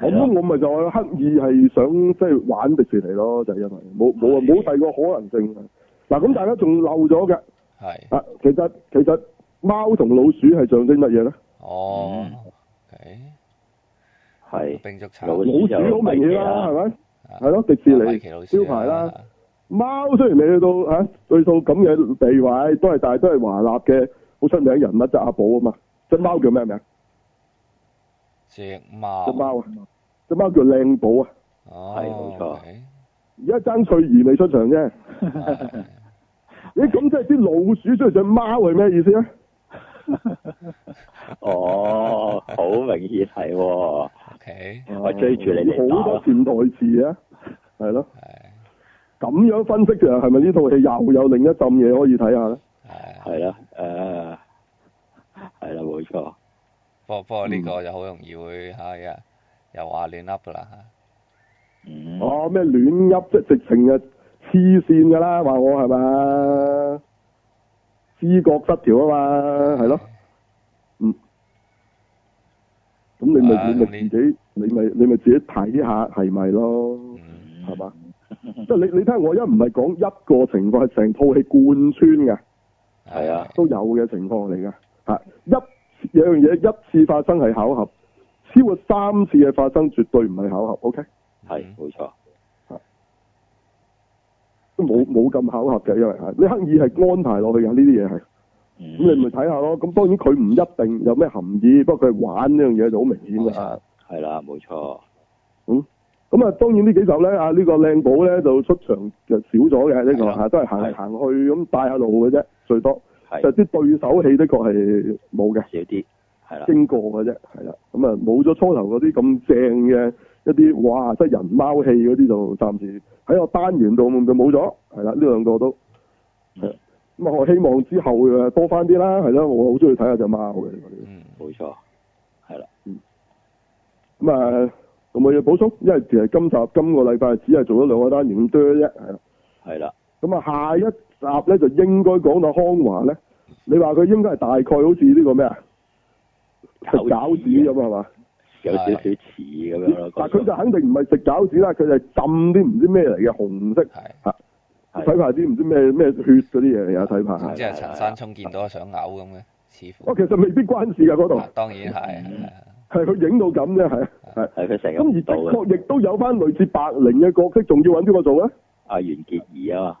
咁、嗯、我咪就刻意係想即係、就是、玩迪士尼咯，就係因為冇冇冇第二個可能性。嗱，咁大家仲漏咗嘅。係。啊，其實其實貓同老鼠係象徵乜嘢咧？哦。誒。係。老鼠好明顯啦，係咪？係咯，迪士尼招牌啦。貓雖然未去到吓，去到咁嘅地位，都係但係都係華納嘅好出名人物，就阿寶啊嘛。隻貓叫咩名？隻貓，隻貓啊，隻貓叫靚寶啊，係冇錯。而家爭翠兒未出場啫，你咁即係啲老鼠出嚟隻貓係咩意思、？ [laughs] [laughs] [laughs] 哦哦 okay? 啊？哦，好明顯係，我追住你好多潛台詞啊，係 [laughs] 咯、啊，咁、啊、 [laughs] 樣分析就係咪呢套戲又有另一浸嘢可以睇下咧？係、 [laughs] 啊，係啦、啊，誒、啊，係啦、啊，冇錯。不不，呢個就好容易會嚇、嗯啊，又又話亂噏㗎啦嚇。哦、嗯，咩、啊、亂噏？即直情係黐線㗎啦，話我係咪知覺失調啊嘛，係咯。嗯。咁、啊、你咪咪、嗯、自己，啊、你咪你咪自己睇下係咪咯，係嘛？即、嗯、 [laughs] 你你睇我而家唔係講一個情況，係成套戲貫穿嘅。係啊。都有嘅情況嚟㗎、啊，一。有樣嘢一次發生係巧合，超過三次嘅發生絕對唔係巧合。OK，係冇錯，都冇冇咁巧合嘅，因為啊，你刻意係安排落去嘅呢啲嘢係，咁、嗯、你咪睇下咯。咁當然佢唔一定有咩含義，不過佢玩呢樣嘢就好明顯㗎。係啦，冇錯。嗯，咁啊，當然呢幾集咧啊，呢、呢個靚寶咧就出場就少咗嘅呢個，是都係行嚟行去咁帶下路嘅啫，最多。就啲對手戲的確係冇嘅，少啲，係啦，經過嘅啫，係啦，咁啊冇咗初頭嗰啲咁正嘅一啲，哇，即係人貓戲嗰啲就暫時喺個單元度就冇咗，係啦，呢兩個都係，咁啊、嗯、我希望之後多翻啲啦，係啦，我好中意睇下隻貓嘅，嗯，冇錯，係、嗯、啦，咁啊，同我、嗯、要補充，因為其實今集今個禮拜只係做咗兩個單元咁多啫，係，係啦。咁啊，下一集咧就應該講到康華咧。你話佢應該係大概好似呢個咩啊食餃子咁係嘛？有少少似咁樣，但佢就肯定唔係食餃子啦，佢就係浸啲唔知咩嚟嘅紅色嚇，睇怕啲唔知咩咩血嗰啲嘢嚟啊！睇怕，即係陳山聰見到想嘔咁嘅，似乎。哦，其實未必關事㗎嗰度。當然係，係佢影到咁啫，係係係佢成咁而確亦都有翻類似白靈嘅角色，仲要揾邊個做咧。阿袁潔儀啊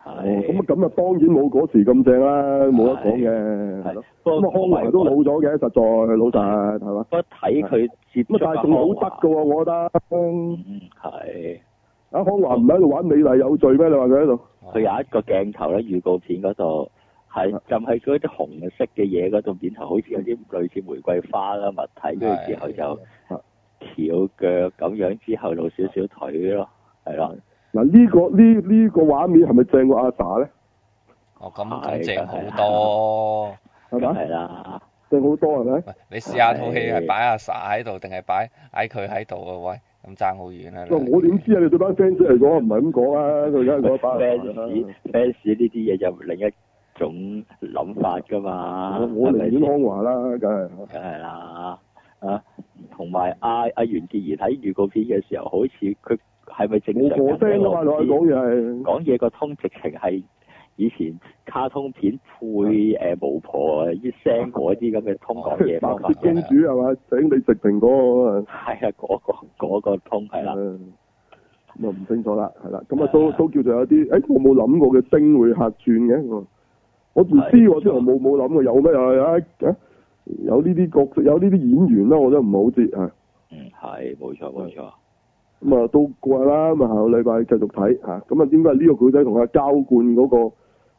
係，咁、哦、啊，咁啊，當然冇嗰時咁正啦，冇得講嘅，係咯。咁啊，康華都老咗嘅，實在老實係嘛。不過睇佢接觸，咁啊，但係仲好得嘅喎，我覺得。嗯，係。啊，康華唔係喺度玩美麗有罪咩？你話佢喺度。佢有一個鏡頭咧，預告片嗰度係浸喺一啲紅色嘅嘢嗰度，面頭好似有啲類似玫瑰花嘅物體。跟住之後就翹腳咁樣，之後露少少腿咯，係咯。嗱，呢個呢呢個畫面係咪正過阿 Sa 咧？哦，咁梗正好多，係咪？係啦，正好多係咪？唔係你試下套戲係擺阿 Sa 喺度，定係擺喺佢喺度啊？喂，咁爭好遠啊！我我點知啊？你對班 fans 嚟講唔係咁講啊！佢而家嗰班 fans fans 呢啲嘢就另一種諗法噶嘛。我我嚟講話啦，梗係梗係啦啊！同埋阿阿袁潔儀睇預告片嘅時候，好似佢。係咪整常？巫啊？聲係去講嘢，講嘢個通直情係以前卡通片配誒、呃、巫婆啲聲嗰啲咁嘅通講嘢方法。白雪公主係嘛，請你食蘋果。係啊，嗰、嗰個、嗰個通係啦。咁啊唔清楚啦，係啦，咁啊都都叫做有啲誒、欸，我冇諗過嘅聲會客串嘅我。我唔知我真係冇冇諗過有咩啊？啊有呢啲角色有呢啲演員啦，我都唔係好知啊。嗯，係冇錯冇錯。沒錯咁、嗯、啊，都過啦。咁、那、啊、個，下個禮拜繼續睇咁啊，點解呢個古仔同阿交換嗰個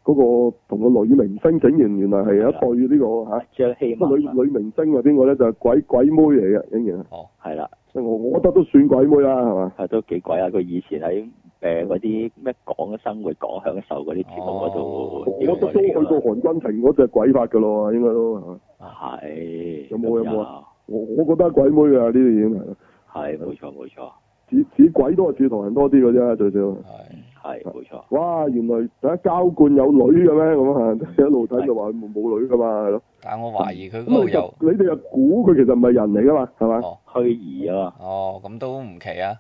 嗰個同個內地明星整形原來係一對呢個嚇？著女女明星原來一、這個、啊，邊個咧就係、是、鬼鬼妹嚟嘅竟然哦，係啦，我我覺得都算鬼妹啦，係嘛？係都幾鬼啊！佢以前喺誒嗰啲咩講生活、講享受嗰啲節目嗰度、哦，我都都去過韓君庭嗰隻鬼法㗎咯，應該都係有冇有冇啊？我我覺得鬼妹啊，呢啲已經係冇錯冇錯。似，似鬼多啊，似唐人多啲噶啫，最少。係係，冇錯。哇，原來第一交罐有女嘅咩咁樣？一路睇就話冇女噶嘛，係咯。但我懷疑佢嗰個又。你哋又估佢其實唔係人嚟噶嘛？係咪？虛擬啊嘛。哦，咁都唔奇啊。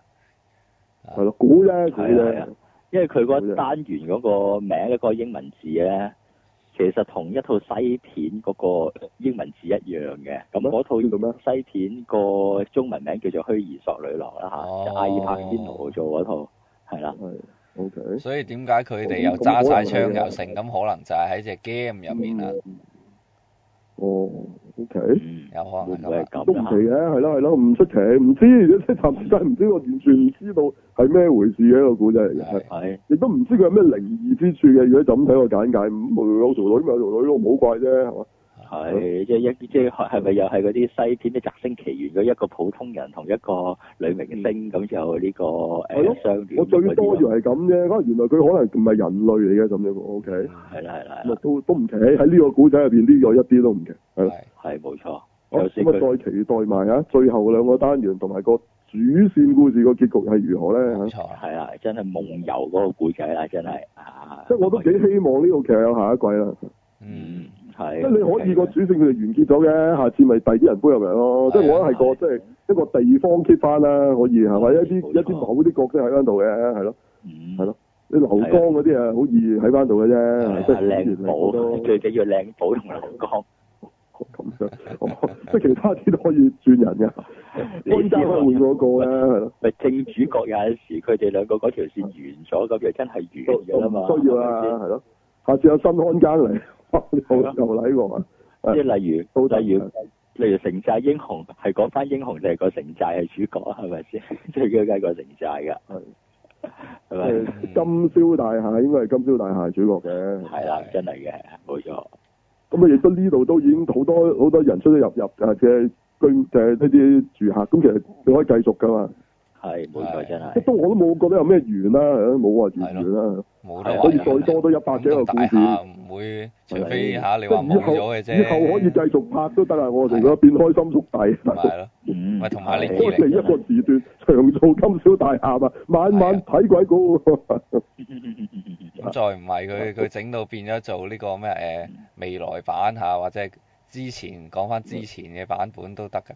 係咯，估咧，估咧。因為佢嗰個單元嗰個名咧，嗰、嗰個英文字咧。其實同一套西片嗰個英文字一樣嘅，咁嗰套咁樣西片個中文名叫做《虛擬索女郎》啦嚇、哦，就阿爾柏仙奴做嗰套，係啦，OK。所以點解佢哋又揸晒槍又勝？咁、嗯嗯嗯嗯、可能就係喺隻 game 入面啦。嗯哦，O K，有可能嘅，都唔奇嘅，係啦係啦，唔出奇，唔知，即係暫時都係唔知，我完全唔知道係咩回事嘅、故仔嚟嘅。係，亦都唔知佢係咩靈異之處嘅，如果就咁睇個簡介，咁有條女咪有條女都唔好怪啫，係嘛？係即係一即係係咪又係嗰啲西片啲摘星奇緣嘅一個普通人同一個女明星咁、嗯、就呢、這個誒相、嗯、我最多就係咁啫，咁、嗯、原來佢可能唔係人類嚟嘅咁樣，O K。係啦係啦，都都唔奇喺呢個古仔入邊呢，個一啲都唔奇，係咯。冇錯。咁啊、就是、再期待埋啊，最後兩個單元同埋個主線故事個結局係如何咧？冇錯，係啦，真係夢遊嗰個古仔啦，真係啊！即係我都幾希望呢個劇有下一季啦。嗯。即係你可以個主線佢哋完結咗嘅，下次咪第啲人搬入嚟咯。即係我覺得係個即係一個地方 keep 翻啦，可以係咪？一啲一啲某啲角色喺翻度嘅，係咯，係、嗯、咯。你流江嗰啲啊，好易喺翻度嘅啫。即係、靚寶、最緊要靚寶同埋流江。咁即係 [laughs] 我 [laughs] 其他啲都可以轉人嘅。搬走換嗰個咧，咪正主角有陣時佢哋兩個嗰條線完咗，咁又真係完㗎嘛。了不需要啊，係咯。下次有新安間嚟，冇好舊禮喎。即係例如，到底如例如城寨英雄係講翻英雄定係個城寨係主角啊？係咪先？即係佢梗係個城寨㗎。係咪金宵大廈應該係金宵大廈主角嘅？係啦，真係嘅，冇錯。咁啊，亦都呢度都已經好多好多人出出入入或者、就係、居，就係呢啲住客。咁其實佢可以繼續㗎嘛？係冇錯，真係，都我都冇覺得有咩完啦，冇話完唔完，可以再多多一百幾大廈唔會，除非吓你話冇咗嘅啫。以後可以繼續拍都得啊！我哋變開心速遞，咪係咯。嗯，同埋你嚟，一個時段，長做金宵大廈，啊，晚晚睇鬼故。咁 [laughs] 再唔係佢佢整到變咗做呢個咩？誒，未來版吓，或者之前講翻之前嘅版本都得噶。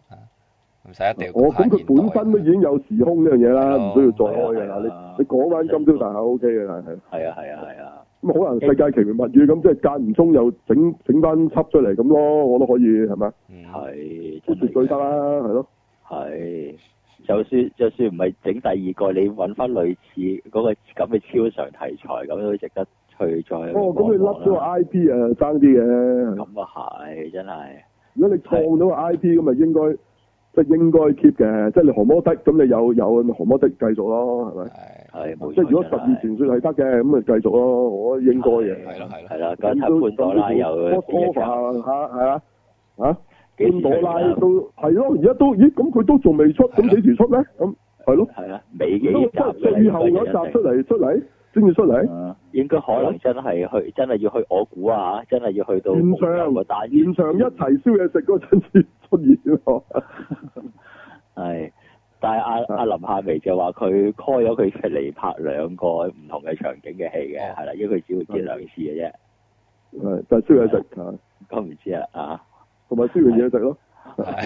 唔使一定要，我咁佢本身都已經有時空呢樣嘢啦，唔需要再開嘅啦。你你講翻金宵大廈 O K 嘅啦，係啊係啊係啊。咁、嗯、可能世界奇妙物語咁，即係間唔中又整整翻輯出嚟咁咯，我都可以係咪？嗯，係，絕對得啦，係咯。係，就算就算唔係整第二個，你搵翻類似嗰、那個咁嘅超常題材，咁都值得去再。哦，咁你笠咗個 I P 啊，爭啲嘅。咁啊係，真係。如果你創到個 I P，咁咪應該。即係應該 keep 嘅，即係你何魔的，咁你有有何魔的繼續咯，係咪？係係冇錯。即係如果十二傳說係得嘅，咁咪繼續咯，我應該嘅，係咯係咯，係啦，咁有啊朵拉，拉，拉，拉都係咯，而家都咦咁佢都仲未出，咁幾時出咧？咁係咯，係啊，未嘅。咁出最後嗰集出嚟出嚟先至出嚟？應該可能真係去真係要去我估啊真係要去到金宵大廈現場，現場一齊燒嘢食嗰陣時。係，但係阿阿林夏薇就話佢 call 咗佢出嚟拍兩個唔同嘅場景嘅戲嘅，係、啊、啦，因為佢只會見兩次嘅啫，誒，就係需要嘢食，咁唔知啦啊，同埋需要嘢食咯，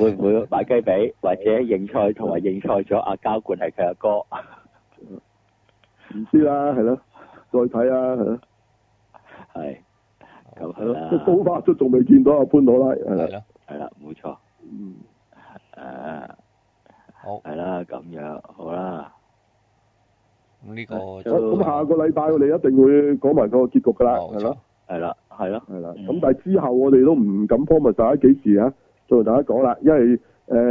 會唔會買雞髀或者認菜同埋認菜咗阿膠冠係佢阿哥，唔知啦，係咯，再睇啦，係咯，係，咁係咯，都都仲未見到阿潘多拉，係咯，係啦，冇錯。嗯，誒，好，係啦，咁樣好啦。咁呢個就咁，下個禮拜我哋一定會講埋個結局噶啦，係咯，係啦，係咯，係啦。咁但係之後我哋都唔敢 promise 大家幾時啊，再同大家講啦，因為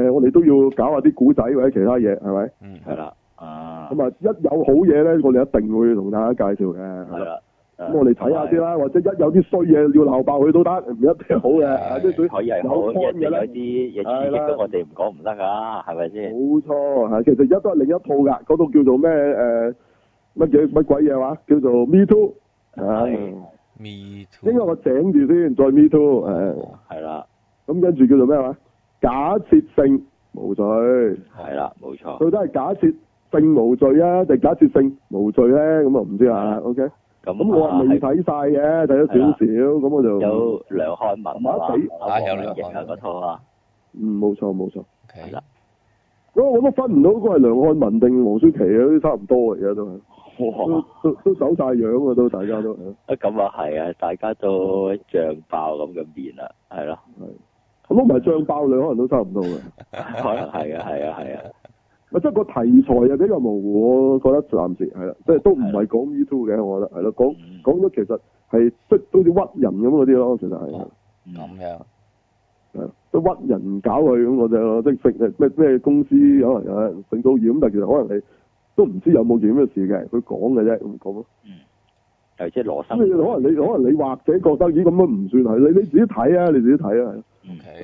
誒，我哋都要搞下啲古仔或者其他嘢，係咪？嗯，係啦，啊，咁啊，一有好嘢咧，我哋一定會同大家介紹嘅，係啦。咁我哋睇下先啦，或者一有啲衰嘢要鬧爆佢都得，唔一,一定好嘅。啲水有方嘢啲係啦，我哋唔講唔得噶，係咪先？冇錯吓，其實而家都係另一套噶，嗰套叫做咩誒乜嘢乜鬼嘢話？叫做 Me Too。係 Me Too。應該我整住先，再 Me Too。係係啦。咁、嗯嗯、跟住叫做咩話？假設性無罪。係啦，冇錯。到底係假設性無罪啊，定假設性無罪咧？咁啊唔知啊，OK。咁、嗯、咁我未睇晒嘅，睇咗少少，咁我就有梁漢文啊，啊，有梁漢文嗰套啊，嗯，冇錯冇錯，係啦，okay。嗯，我我都分唔到嗰個係梁漢文定黃舒琪啊，都差唔多啊而家都，oh。都，都都都走晒樣啊都大家都，咁 [laughs] 啊係啊，大家都脹爆咁嘅面啦，係咯，咁唔係脹爆你可能都差唔多嘅， [laughs] 可能係啊係啊係啊。即係個題材又比較模糊，我覺得暫時係啦，即係、哦、都唔係講 MeToo 嘅，我覺得係咯，講講咗其實係即係好似屈人咁嗰啲咯，其實係咁嘅，係、哦、都屈人搞佢咁我就即係成誒咩咩公司可能誒承保業咁，但其實可能你都唔知道有冇件咩事嘅，佢講嘅啫咁咯。嗯，就即係羅生。所以可能你可能你或者覺得咦咁樣唔算係你你自己睇啊，你自己睇啊，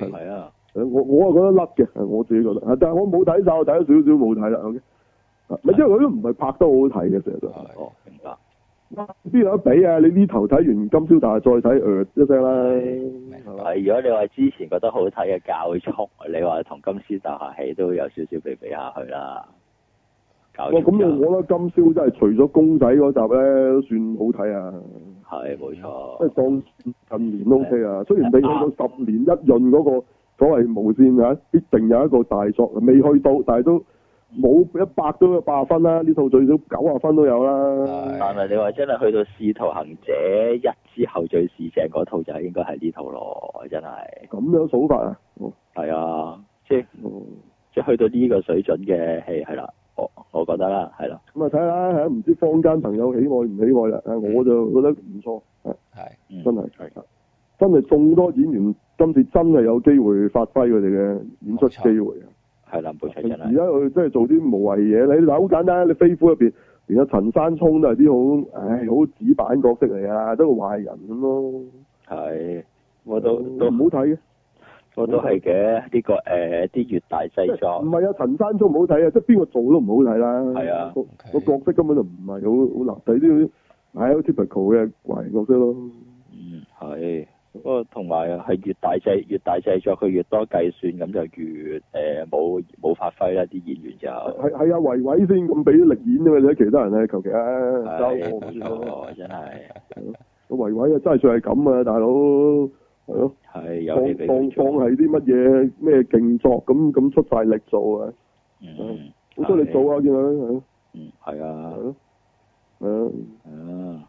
係、okay。係啊。我我啊覺得甩嘅，我自己覺得，但係我冇睇晒，我睇咗少少冇睇啦。O K，咪因為佢都唔係拍得很好好睇嘅，其實都。哦，明白。邊有得比啊？你呢頭睇完《金宵大廈》再睇《呃一聲啦。係，如果你話之前覺得好睇嘅教錯、嗯，你話同《金宵大廈》起都有少少比比下去啦。咁我、哦、我覺得《金宵》真係除咗公仔嗰集咧，都算好睇啊。係冇錯。即當近年 O K 啊，雖然比起到十年一潤嗰、嗰個。所謂無綫啊，一定有一個大作，未去到，但係都冇一百都有八十分啦，呢套最少九十分都有啦。但係你話真係去到《使徒行者一》之後最正嗰套就係應該係呢套咯？真係咁樣數法、哦、啊？係、就、啊、是，即係即係去到呢個水準嘅戲係啦，我我覺得啦，係啦、啊。咁啊睇下吓，唔知坊間朋友喜愛唔喜愛啦。我就覺得唔錯，係係真係，係真係眾多演員。今次真係有機會發揮佢哋嘅演出機會，係啦冇錯啦。而家佢真係做啲無謂嘢，你扭好簡單，你飛虎入面。連陳山聰都係啲好好紙板角色嚟啊，都個壞人咁咯。係，我都、嗯、都唔好睇嘅，我都係嘅。呢、呢個誒啲、呃、越大製作，唔係啊，陳山聰唔好睇啊，即係邊個做都唔好睇啦。係啊，個角色根本就唔係好好立體啲，係好、哎、typical 嘅壞人角色咯嗯。嗯係。同埋係越大製越大製作，佢越多計算，咁就越誒冇冇發揮啦！啲演員就係係啊，維維先咁俾啲力演啫嘛，其他人呢，求其啊收唔收啊！真係，個維維啊，真係算係咁啊，大佬係咯，有方放係啲乜嘢咩競作咁咁出晒力做、嗯、啊！好多你做啊，見唔見啊？係呀。嗯啊。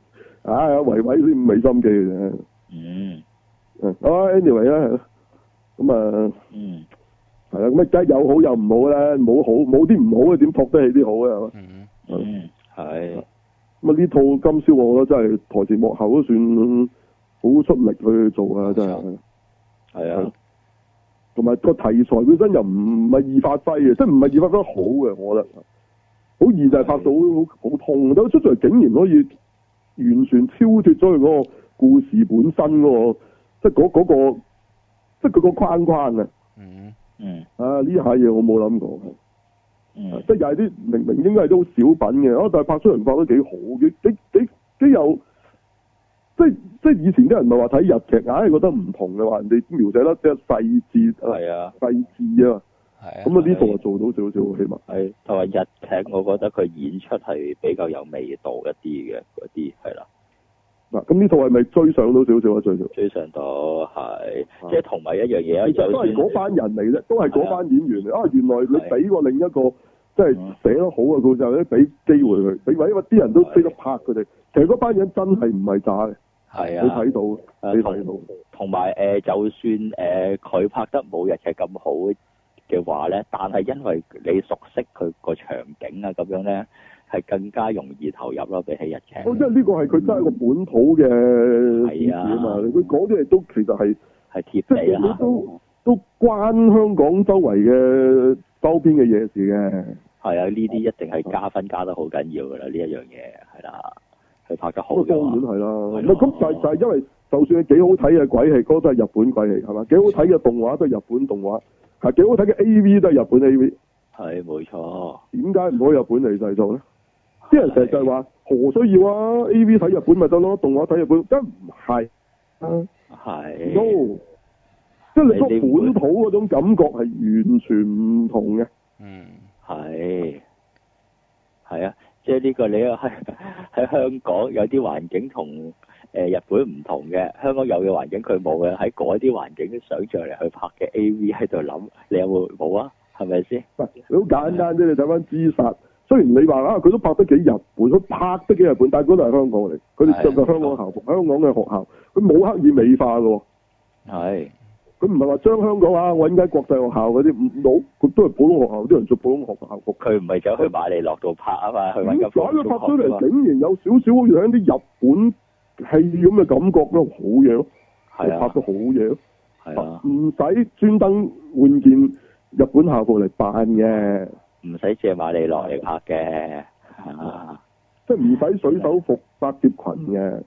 啊，維維先咁昧心機嘅啫。嗯。嗯，Anyway 啦。咁啊。係、anyway，啦，咁啊，梗、嗯、係有好有唔好啦。冇好，冇啲唔好嘅點托得起啲好嘅。嗯。嗯，係。咁啊，呢、嗯、套《金、嗯、宵》我覺得真係台前幕後都算好出力去做啊，真係。係啊。同埋個題材本身又唔係易發揮嘅，即係唔係易發揮好嘅、嗯，我覺得。好、嗯、易就係拍到好好痛，但出嚟竟然可以。完全超脫咗佢嗰個故事本身咯，即係嗰個，即係佢個框框啊。嗯嗯。啊，呢下嘢我冇諗過、嗯、啊。即係有啲明明應該係都好小品嘅，啊，但係拍出嚟拍得幾好嘅，幾幾幾有。即係即係以前啲人咪話睇日劇，硬係覺得唔同嘅話，人哋描寫得即係細節啊，細緻啊。咁啊呢套我做到少少，起碼係同埋日劇，我覺得佢演出係比較有味道一啲嘅，嗰啲係啦。嗱、啊，咁呢套係咪追上到少少啊？追上追上到係，即係同埋一樣嘢啊，啊！都係嗰班人嚟啫，都係嗰班演員啊，啊。原來你俾過另一個，即係寫得好嘅佢就咧俾機會佢。因為因為啲人都識得拍佢哋、啊，其實嗰班人真係唔係渣嘅，係啊，你睇到，啊、你睇到。同埋誒，就算誒佢、呃、拍得冇日劇咁好。嘅話咧，但係因為你熟悉佢個場景啊，咁樣咧係更加容易投入咯，比起日劇、哦。即係呢個係佢真係個本土嘅故事、嗯、係啊嘛！佢講啲嘢都其實係係貼地啊，都都關香港周圍嘅周邊嘅嘢事嘅。係、嗯、啊，呢啲一定係加分加得好緊要㗎啦！呢一樣嘢係啦，佢、啊、拍得好當然係啦。唔係咁就係因為就算係幾好睇嘅鬼戲，都係日本鬼戲，係嘛？幾好睇嘅動畫都係日本動畫。係幾好睇嘅 A V 都係日本 A V，係冇錯。點解唔可以日本嚟製作咧？啲人成日就係話何需要啊？A V 睇日本咪得咯，動畫睇日本，係唔係係係 no，即係、就是、你個本土嗰種感覺係完全唔同嘅。嗯，係係啊，即係呢個你喺喺香港有啲環境同。誒日本唔同嘅，香港有嘅環境佢冇嘅，喺嗰啲環境想像嚟去拍嘅 A V 喺度諗，你有冇冇啊？係咪先？你好簡單啫，你睇翻自殺，雖然你話啊，佢都拍得幾日本，都拍得幾日本，但嗰度係香港嚟，佢哋着嘅香港校服，香港嘅學校，佢冇刻意美化嘅喎。係。佢唔係話將香港啊，我揾間國際學校嗰啲五老，佢都係普通學校，啲人做普通學校服。佢唔係走去馬利諾度拍啊嘛，佢點解拍出嚟竟然有少少好似喺啲日本？係咁嘅感覺咯，好嘢咯，係啊、拍到好嘢咯，係唔使專登換件日本校服嚟扮嘅，唔使借馬利洛嚟拍嘅，嚇、啊啊啊，即係唔使水手服百褶裙嘅，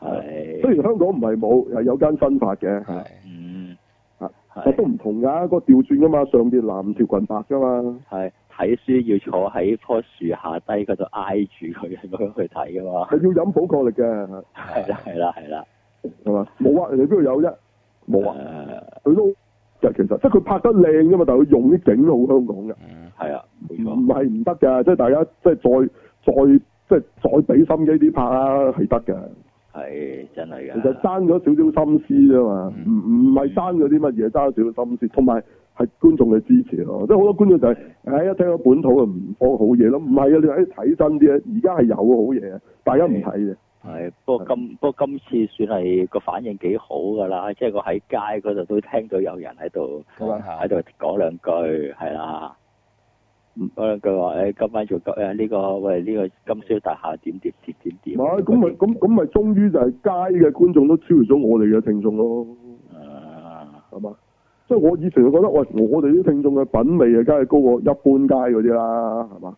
係、啊，雖然香港唔係冇，係有間分發嘅，係，嗯，嚇，都唔同噶，個調轉噶嘛，上邊藍條裙拍噶嘛，係。睇書要坐喺棵樹下低嗰度挨住佢咁樣去睇噶嘛，佢要飲補過力嘅，係啦係啦係啦，係嘛，冇啊，你哋邊度有啫，冇啊，佢都就其實即係佢拍得靚㗎嘛，但係佢用啲景都好香港㗎，係、嗯、啊，唔係唔得噶，即係大家即係再再，再即係再俾心機啲拍啊，係得噶，係真係噶，其實爭咗少少心思啫嘛，唔唔係爭咗啲乜嘢，爭咗、嗯、少少心思，同埋。係觀眾嘅支持咯，即好多觀眾就係、是，哎，一聽到本土就唔播好嘢咯。唔係啊，你睇真啲啊，而家係有好嘢，大家唔睇嘅。不過今不過今次算係個反應幾好㗎啦，即係我喺街嗰度都聽到有人喺度，喺度講兩句，係啦。講、嗯、兩句話，誒、哎，今晚做急呢、哎呢個喂，呢、呢個金宵大廈點點點點點。咁咪咁咁咪終於就係街嘅觀眾都超越咗我哋嘅聽眾咯。啊，係嘛？即係我以前就覺得，喂，我哋啲聽眾嘅品味啊，梗係高過一般街嗰啲啦，係嘛？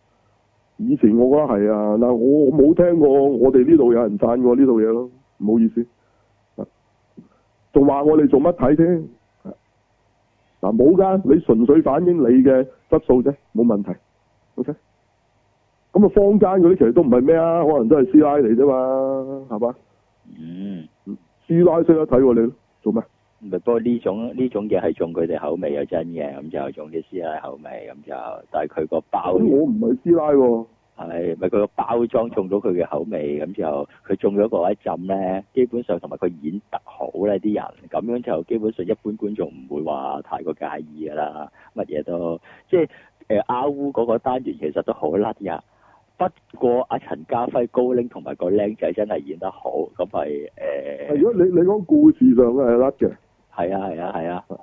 以前我覺得係啊，但我冇聽過我哋呢度有人讚過呢度嘢咯，唔好意思，仲話我哋做乜睇添？嗱冇噶，你純粹反映你嘅質素啫，冇問題。O K，咁啊坊間嗰啲其實都唔係咩啊，可能都係師奶嚟啫嘛，係嘛？嗯、yeah.，師奶識得睇過你咯，做咩？不過呢種呢種嘢係中佢哋口味又真嘅，咁就中嘅師奶口味，咁就但係佢個包，我唔係師奶喎，係咪佢個包裝中咗佢嘅口味，咁就佢中咗嗰一陣咧，基本上同埋佢演得好咧，啲人咁樣就基本上一般觀眾唔會話太過介意噶啦，乜嘢都即係誒阿烏嗰個單元其實都好甩噶，不過阿陳家輝高玲同埋個靚仔真係演得好，咁係誒，如、呃、果你你講故事上咧係甩嘅。係啊，係啊，係啊，啊，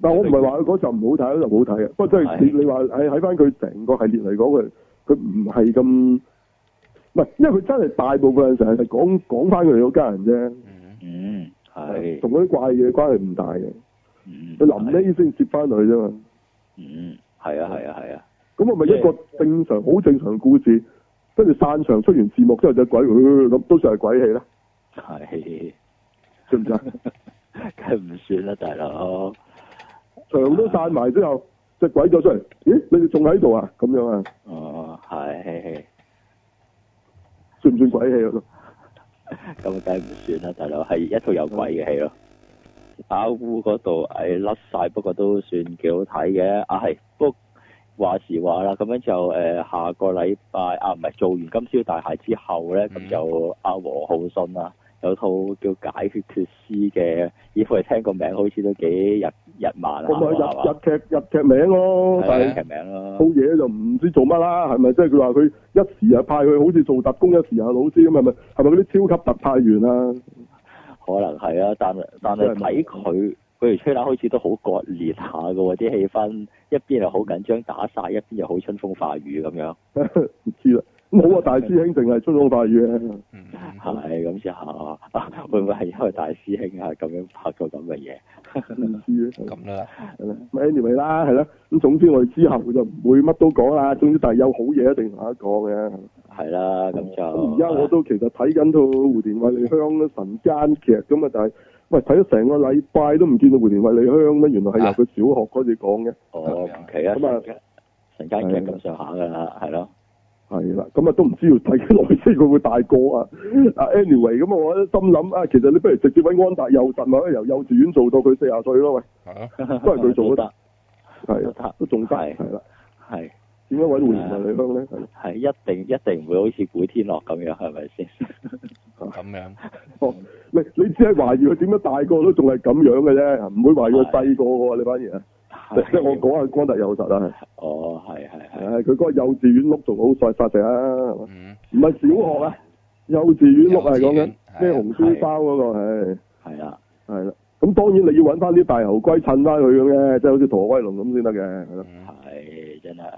但係我唔係話佢嗰集唔好睇，嗰集唔好睇啊。不過即、就、係、是啊、你你話喺喺翻佢成個系列嚟講，佢佢唔係咁唔係，因為佢真係大部分嘅時候係講講翻佢哋個家人啫。嗯，係同嗰啲怪嘢關係唔大嘅。佢臨尾先接翻佢去啫嘛。嗯，係啊，係、嗯、啊，係啊。咁我咪一個正常好、啊、正常嘅故事，跟住散場出完字幕之後就鬼咁、呃，都算係鬼戲啦。係、啊，真唔真？ [laughs] 梗係唔算啦，大佬場都散埋之後，隻鬼再出嚟。咦？你哋仲喺度啊？咁樣啊？哦，係算唔算鬼戲咯、啊？咁梗係唔算啦，大佬係一套有鬼嘅戲咯。阿烏嗰度係甩晒，不過都算幾好睇嘅。啊，係不過話時話啦，咁樣就誒、呃、下個禮拜啊，唔係做完《金宵大廈》之後咧，咁就阿、嗯、和浩信啦。有套叫解《解決脱絲》嘅，以部嚟聽個名，好似都幾日日漫啊，係嘛？日日，日，日劇日劇名咯，係日劇名咯。套嘢就唔知做乜啦，係咪？即係佢話佢一時啊派佢好似做特工，一時又老師咁，係咪？係咪嗰啲超級特派員啊？可能係啊，但但係睇佢，佢哋吹打，開始都好割裂下噶喎。啲氣氛一邊係好緊張打殺，一邊又好春風化雨咁樣。唔 [laughs] 知啦。冇啊，大師兄淨係出咗好大雨，係咁先吓，會唔會係因為大師兄啊咁樣拍到咁嘅嘢？唔知啊，咁 [laughs] 啦、嗯、，anyway 啦，係啦，咁總之我哋之後就唔會乜都講啦。總之但係有好嘢一定同大家講嘅。係啦，咁就。咁而家我都其實睇緊套《蝴蝶迷香》神間劇咁啊，但係喂睇咗成個禮拜都唔見到《蝴蝶迷香》咁，原來係由佢小學開始講嘅、啊。哦，唔奇啊。咁啊，神間劇咁上下噶啦，係咯。係啦，咁啊都唔知要睇幾耐啲，佢會大個啊。啊，anyway，咁我心諗啊，其實你不如直接搵安達祐實，可以由幼稚園做到佢四啊歲咯。喂，啊、都係佢做得，係都仲大，係啦。係點樣會唔會嚟香咧？係一定一定唔會好似古天樂咁樣，係咪先？咁樣，唔、 [laughs] 哦、你，你只係懷疑佢點樣大個都仲係咁樣嘅啫，唔會懷疑細個嘅喎，你反而。嗯、是即係我講下光大有實啊，哦係係係，佢嗰個幼稚園碌仲好快發跡啊，唔係小學啊，嗯、幼稚園碌係講緊咩紅書包嗰、嗰個，係係啊，係啦，咁當然你要揾翻啲大猴龜襯翻佢嘅，即係好似逃學威龍咁先得嘅，係、嗯、真係，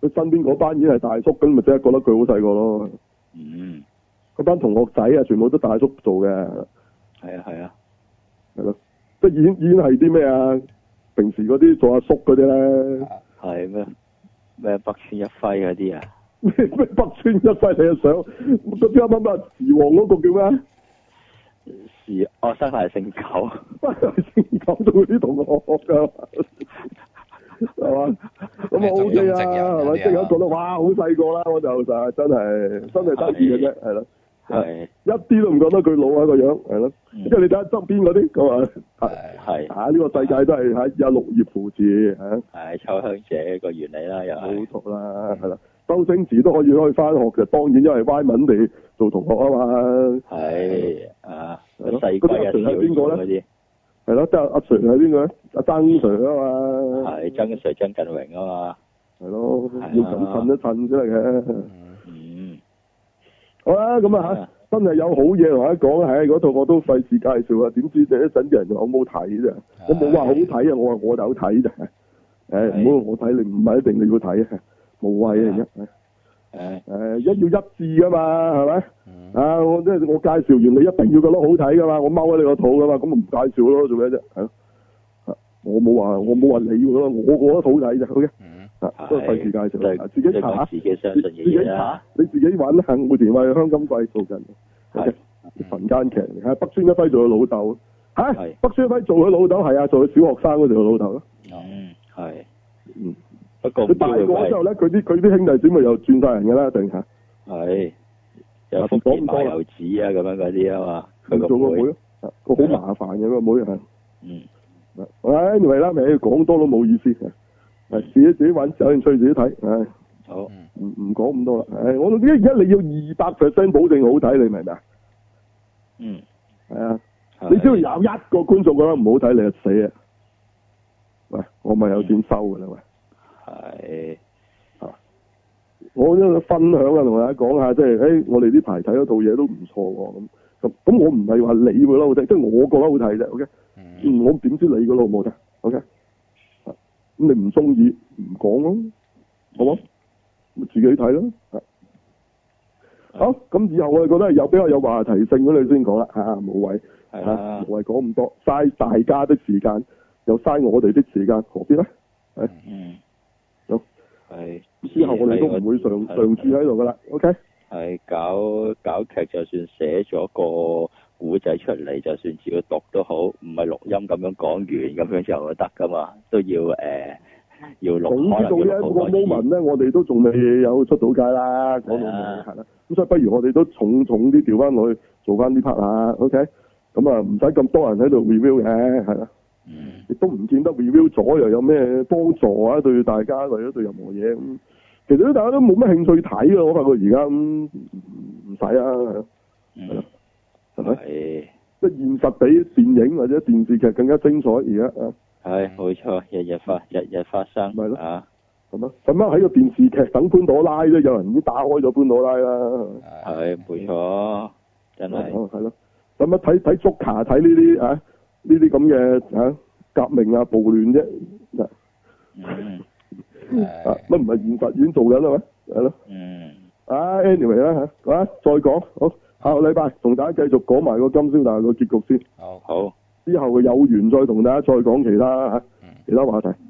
佢身邊嗰班已經係大叔咁，咪即係覺得佢好細個咯，嗯，嗰班同學仔啊，全部都大叔做嘅，係啊係啊，係咯，即係已經已經係啲咩啊？平時嗰啲做阿叔嗰啲咧，係咩咩北村一輝嗰啲啊？咩北村一輝你又想？嗰啲乜媽咪，時王嗰個叫咩？時我生來姓九，啊、姓九做嗰啲同學學學噶，係 [laughs] 嘛？ [laughs] [laughs] [laughs] [laughs] [laughs] 咁啊好正啊，係咪？即係覺得哇，好細個啦，我就真係真係得意嘅啫，係咯。係一啲都唔覺得佢老啊，個樣，係咯。因為你睇下側邊嗰啲咁啊，係，係呢個世界都係喺有綠葉扶持啊。係秋香姐個原理啦，又係冇錯啦。係啦，周星馳都可以可以翻學嘅，當然因為歪文地，做同學啊嘛。係啊，細個阿 Sir 係邊個咧？係、啊、咯，即係阿 Sir 係邊個咧？阿曾 Sir 啊嘛。係曾 Sir 曾近榮啊嘛。係咯、啊，要襯一襯先得嘅。啊啊啊啊啊啊啊好啦咁啊吓，真係有好嘢同你講喺嗰度我都費事介紹啊。點知第一陣啲人我好睇啫，我冇話好睇啊，我話我就好睇啫。唔好我睇你，唔係一定你要睇啊，冇謂啊，一誒誒，一要一致啊嘛，係咪？啊，我即係我介紹完，你一定要覺得好睇噶嘛，我踎喺你個肚噶嘛，咁唔介紹咯，做咩啫？係咯，我冇話我冇話你要咯，我我好睇啫，嘅。嗯都係費事介紹自己查你自己相信嘢啊！你自己揾下，胡連去香金貴附近，係墳間強北川一輝做佢老豆，係、啊、北川一輝做佢老豆，係啊，做佢小學生嗰時嘅老豆咯。係、嗯嗯，不過佢大個之後咧，佢啲佢啲兄弟姊妹又轉晒人噶啦，定然下係又講唔多啦。子啊咁樣嗰啲啊嘛，佢個妹，佢好麻煩嘅個妹啊。嗯，喂，唔係啦，咪係講多都冇意思。他係自己自己玩，有興趣自己睇。唉，好，唔唔講咁多啦。唉，我總之而家你要二百 percent 保證好睇，你明唔明啊？嗯，係啊。你只要有一個觀眾覺得唔好睇，你就死啊、嗯！喂，我咪有錢收噶啦喂。係。吓，我因為分享啊，同大家講下，即係，誒，我哋呢排睇嗰套嘢都唔錯喎。咁咁咁，我唔係話你覺得好睇，即係我覺得好睇啫。OK，嗯，我點知你覺得好唔好睇？O K。Okay? 咁你唔中意唔講咯，好冇？自己睇咯。好，咁、啊、以後我哋覺得有比較有話題性你先講啦。吓，無謂，係啊，無謂講咁多，嘥大家的時間，又嘥我哋的時間，何必咧？嗯。好、啊。係之後我哋都唔會上上住喺度噶啦。O K。係、OK? 搞搞劇就算寫咗個。古仔出嚟就算自己讀都好，唔係錄音咁樣講完咁樣、嗯、就都得噶嘛，都要誒、呃，要錄可能、呢個、moment 呢一咁 moment 咧，我哋都仲未有出到街啦，講到咁，咁、啊啊、所以不如我哋都重重啲調翻去做翻啲 part 啦，OK？咁啊唔使咁多人喺度 review 嘅，係啦、啊，亦、嗯、都唔見得 review 咗又有咩幫助啊對大家或者對任何嘢、嗯，其實大家都冇乜興趣睇啊，我發覺而家唔使啊，係係，即係現實比電影或者電視劇更加精彩，而家啊。係，冇錯，日日發，日日發生。咪咯，吓，咁啊，咁啊喺個電視劇等潘多拉啫，有人已經打開咗潘多拉啦。係，冇錯，真係。係咯，咁啊睇睇足球睇呢啲啊呢啲咁嘅啊革命啊暴亂啫，啊乜唔係現實已經做緊啦咩？係咯。嗯。啊，Anyway 啦吓，啊再講好。下個禮拜同大家繼續講埋個金宵大廈個結局先。好，好，之後嘅有緣再同大家再講其他吓，其他話題。嗯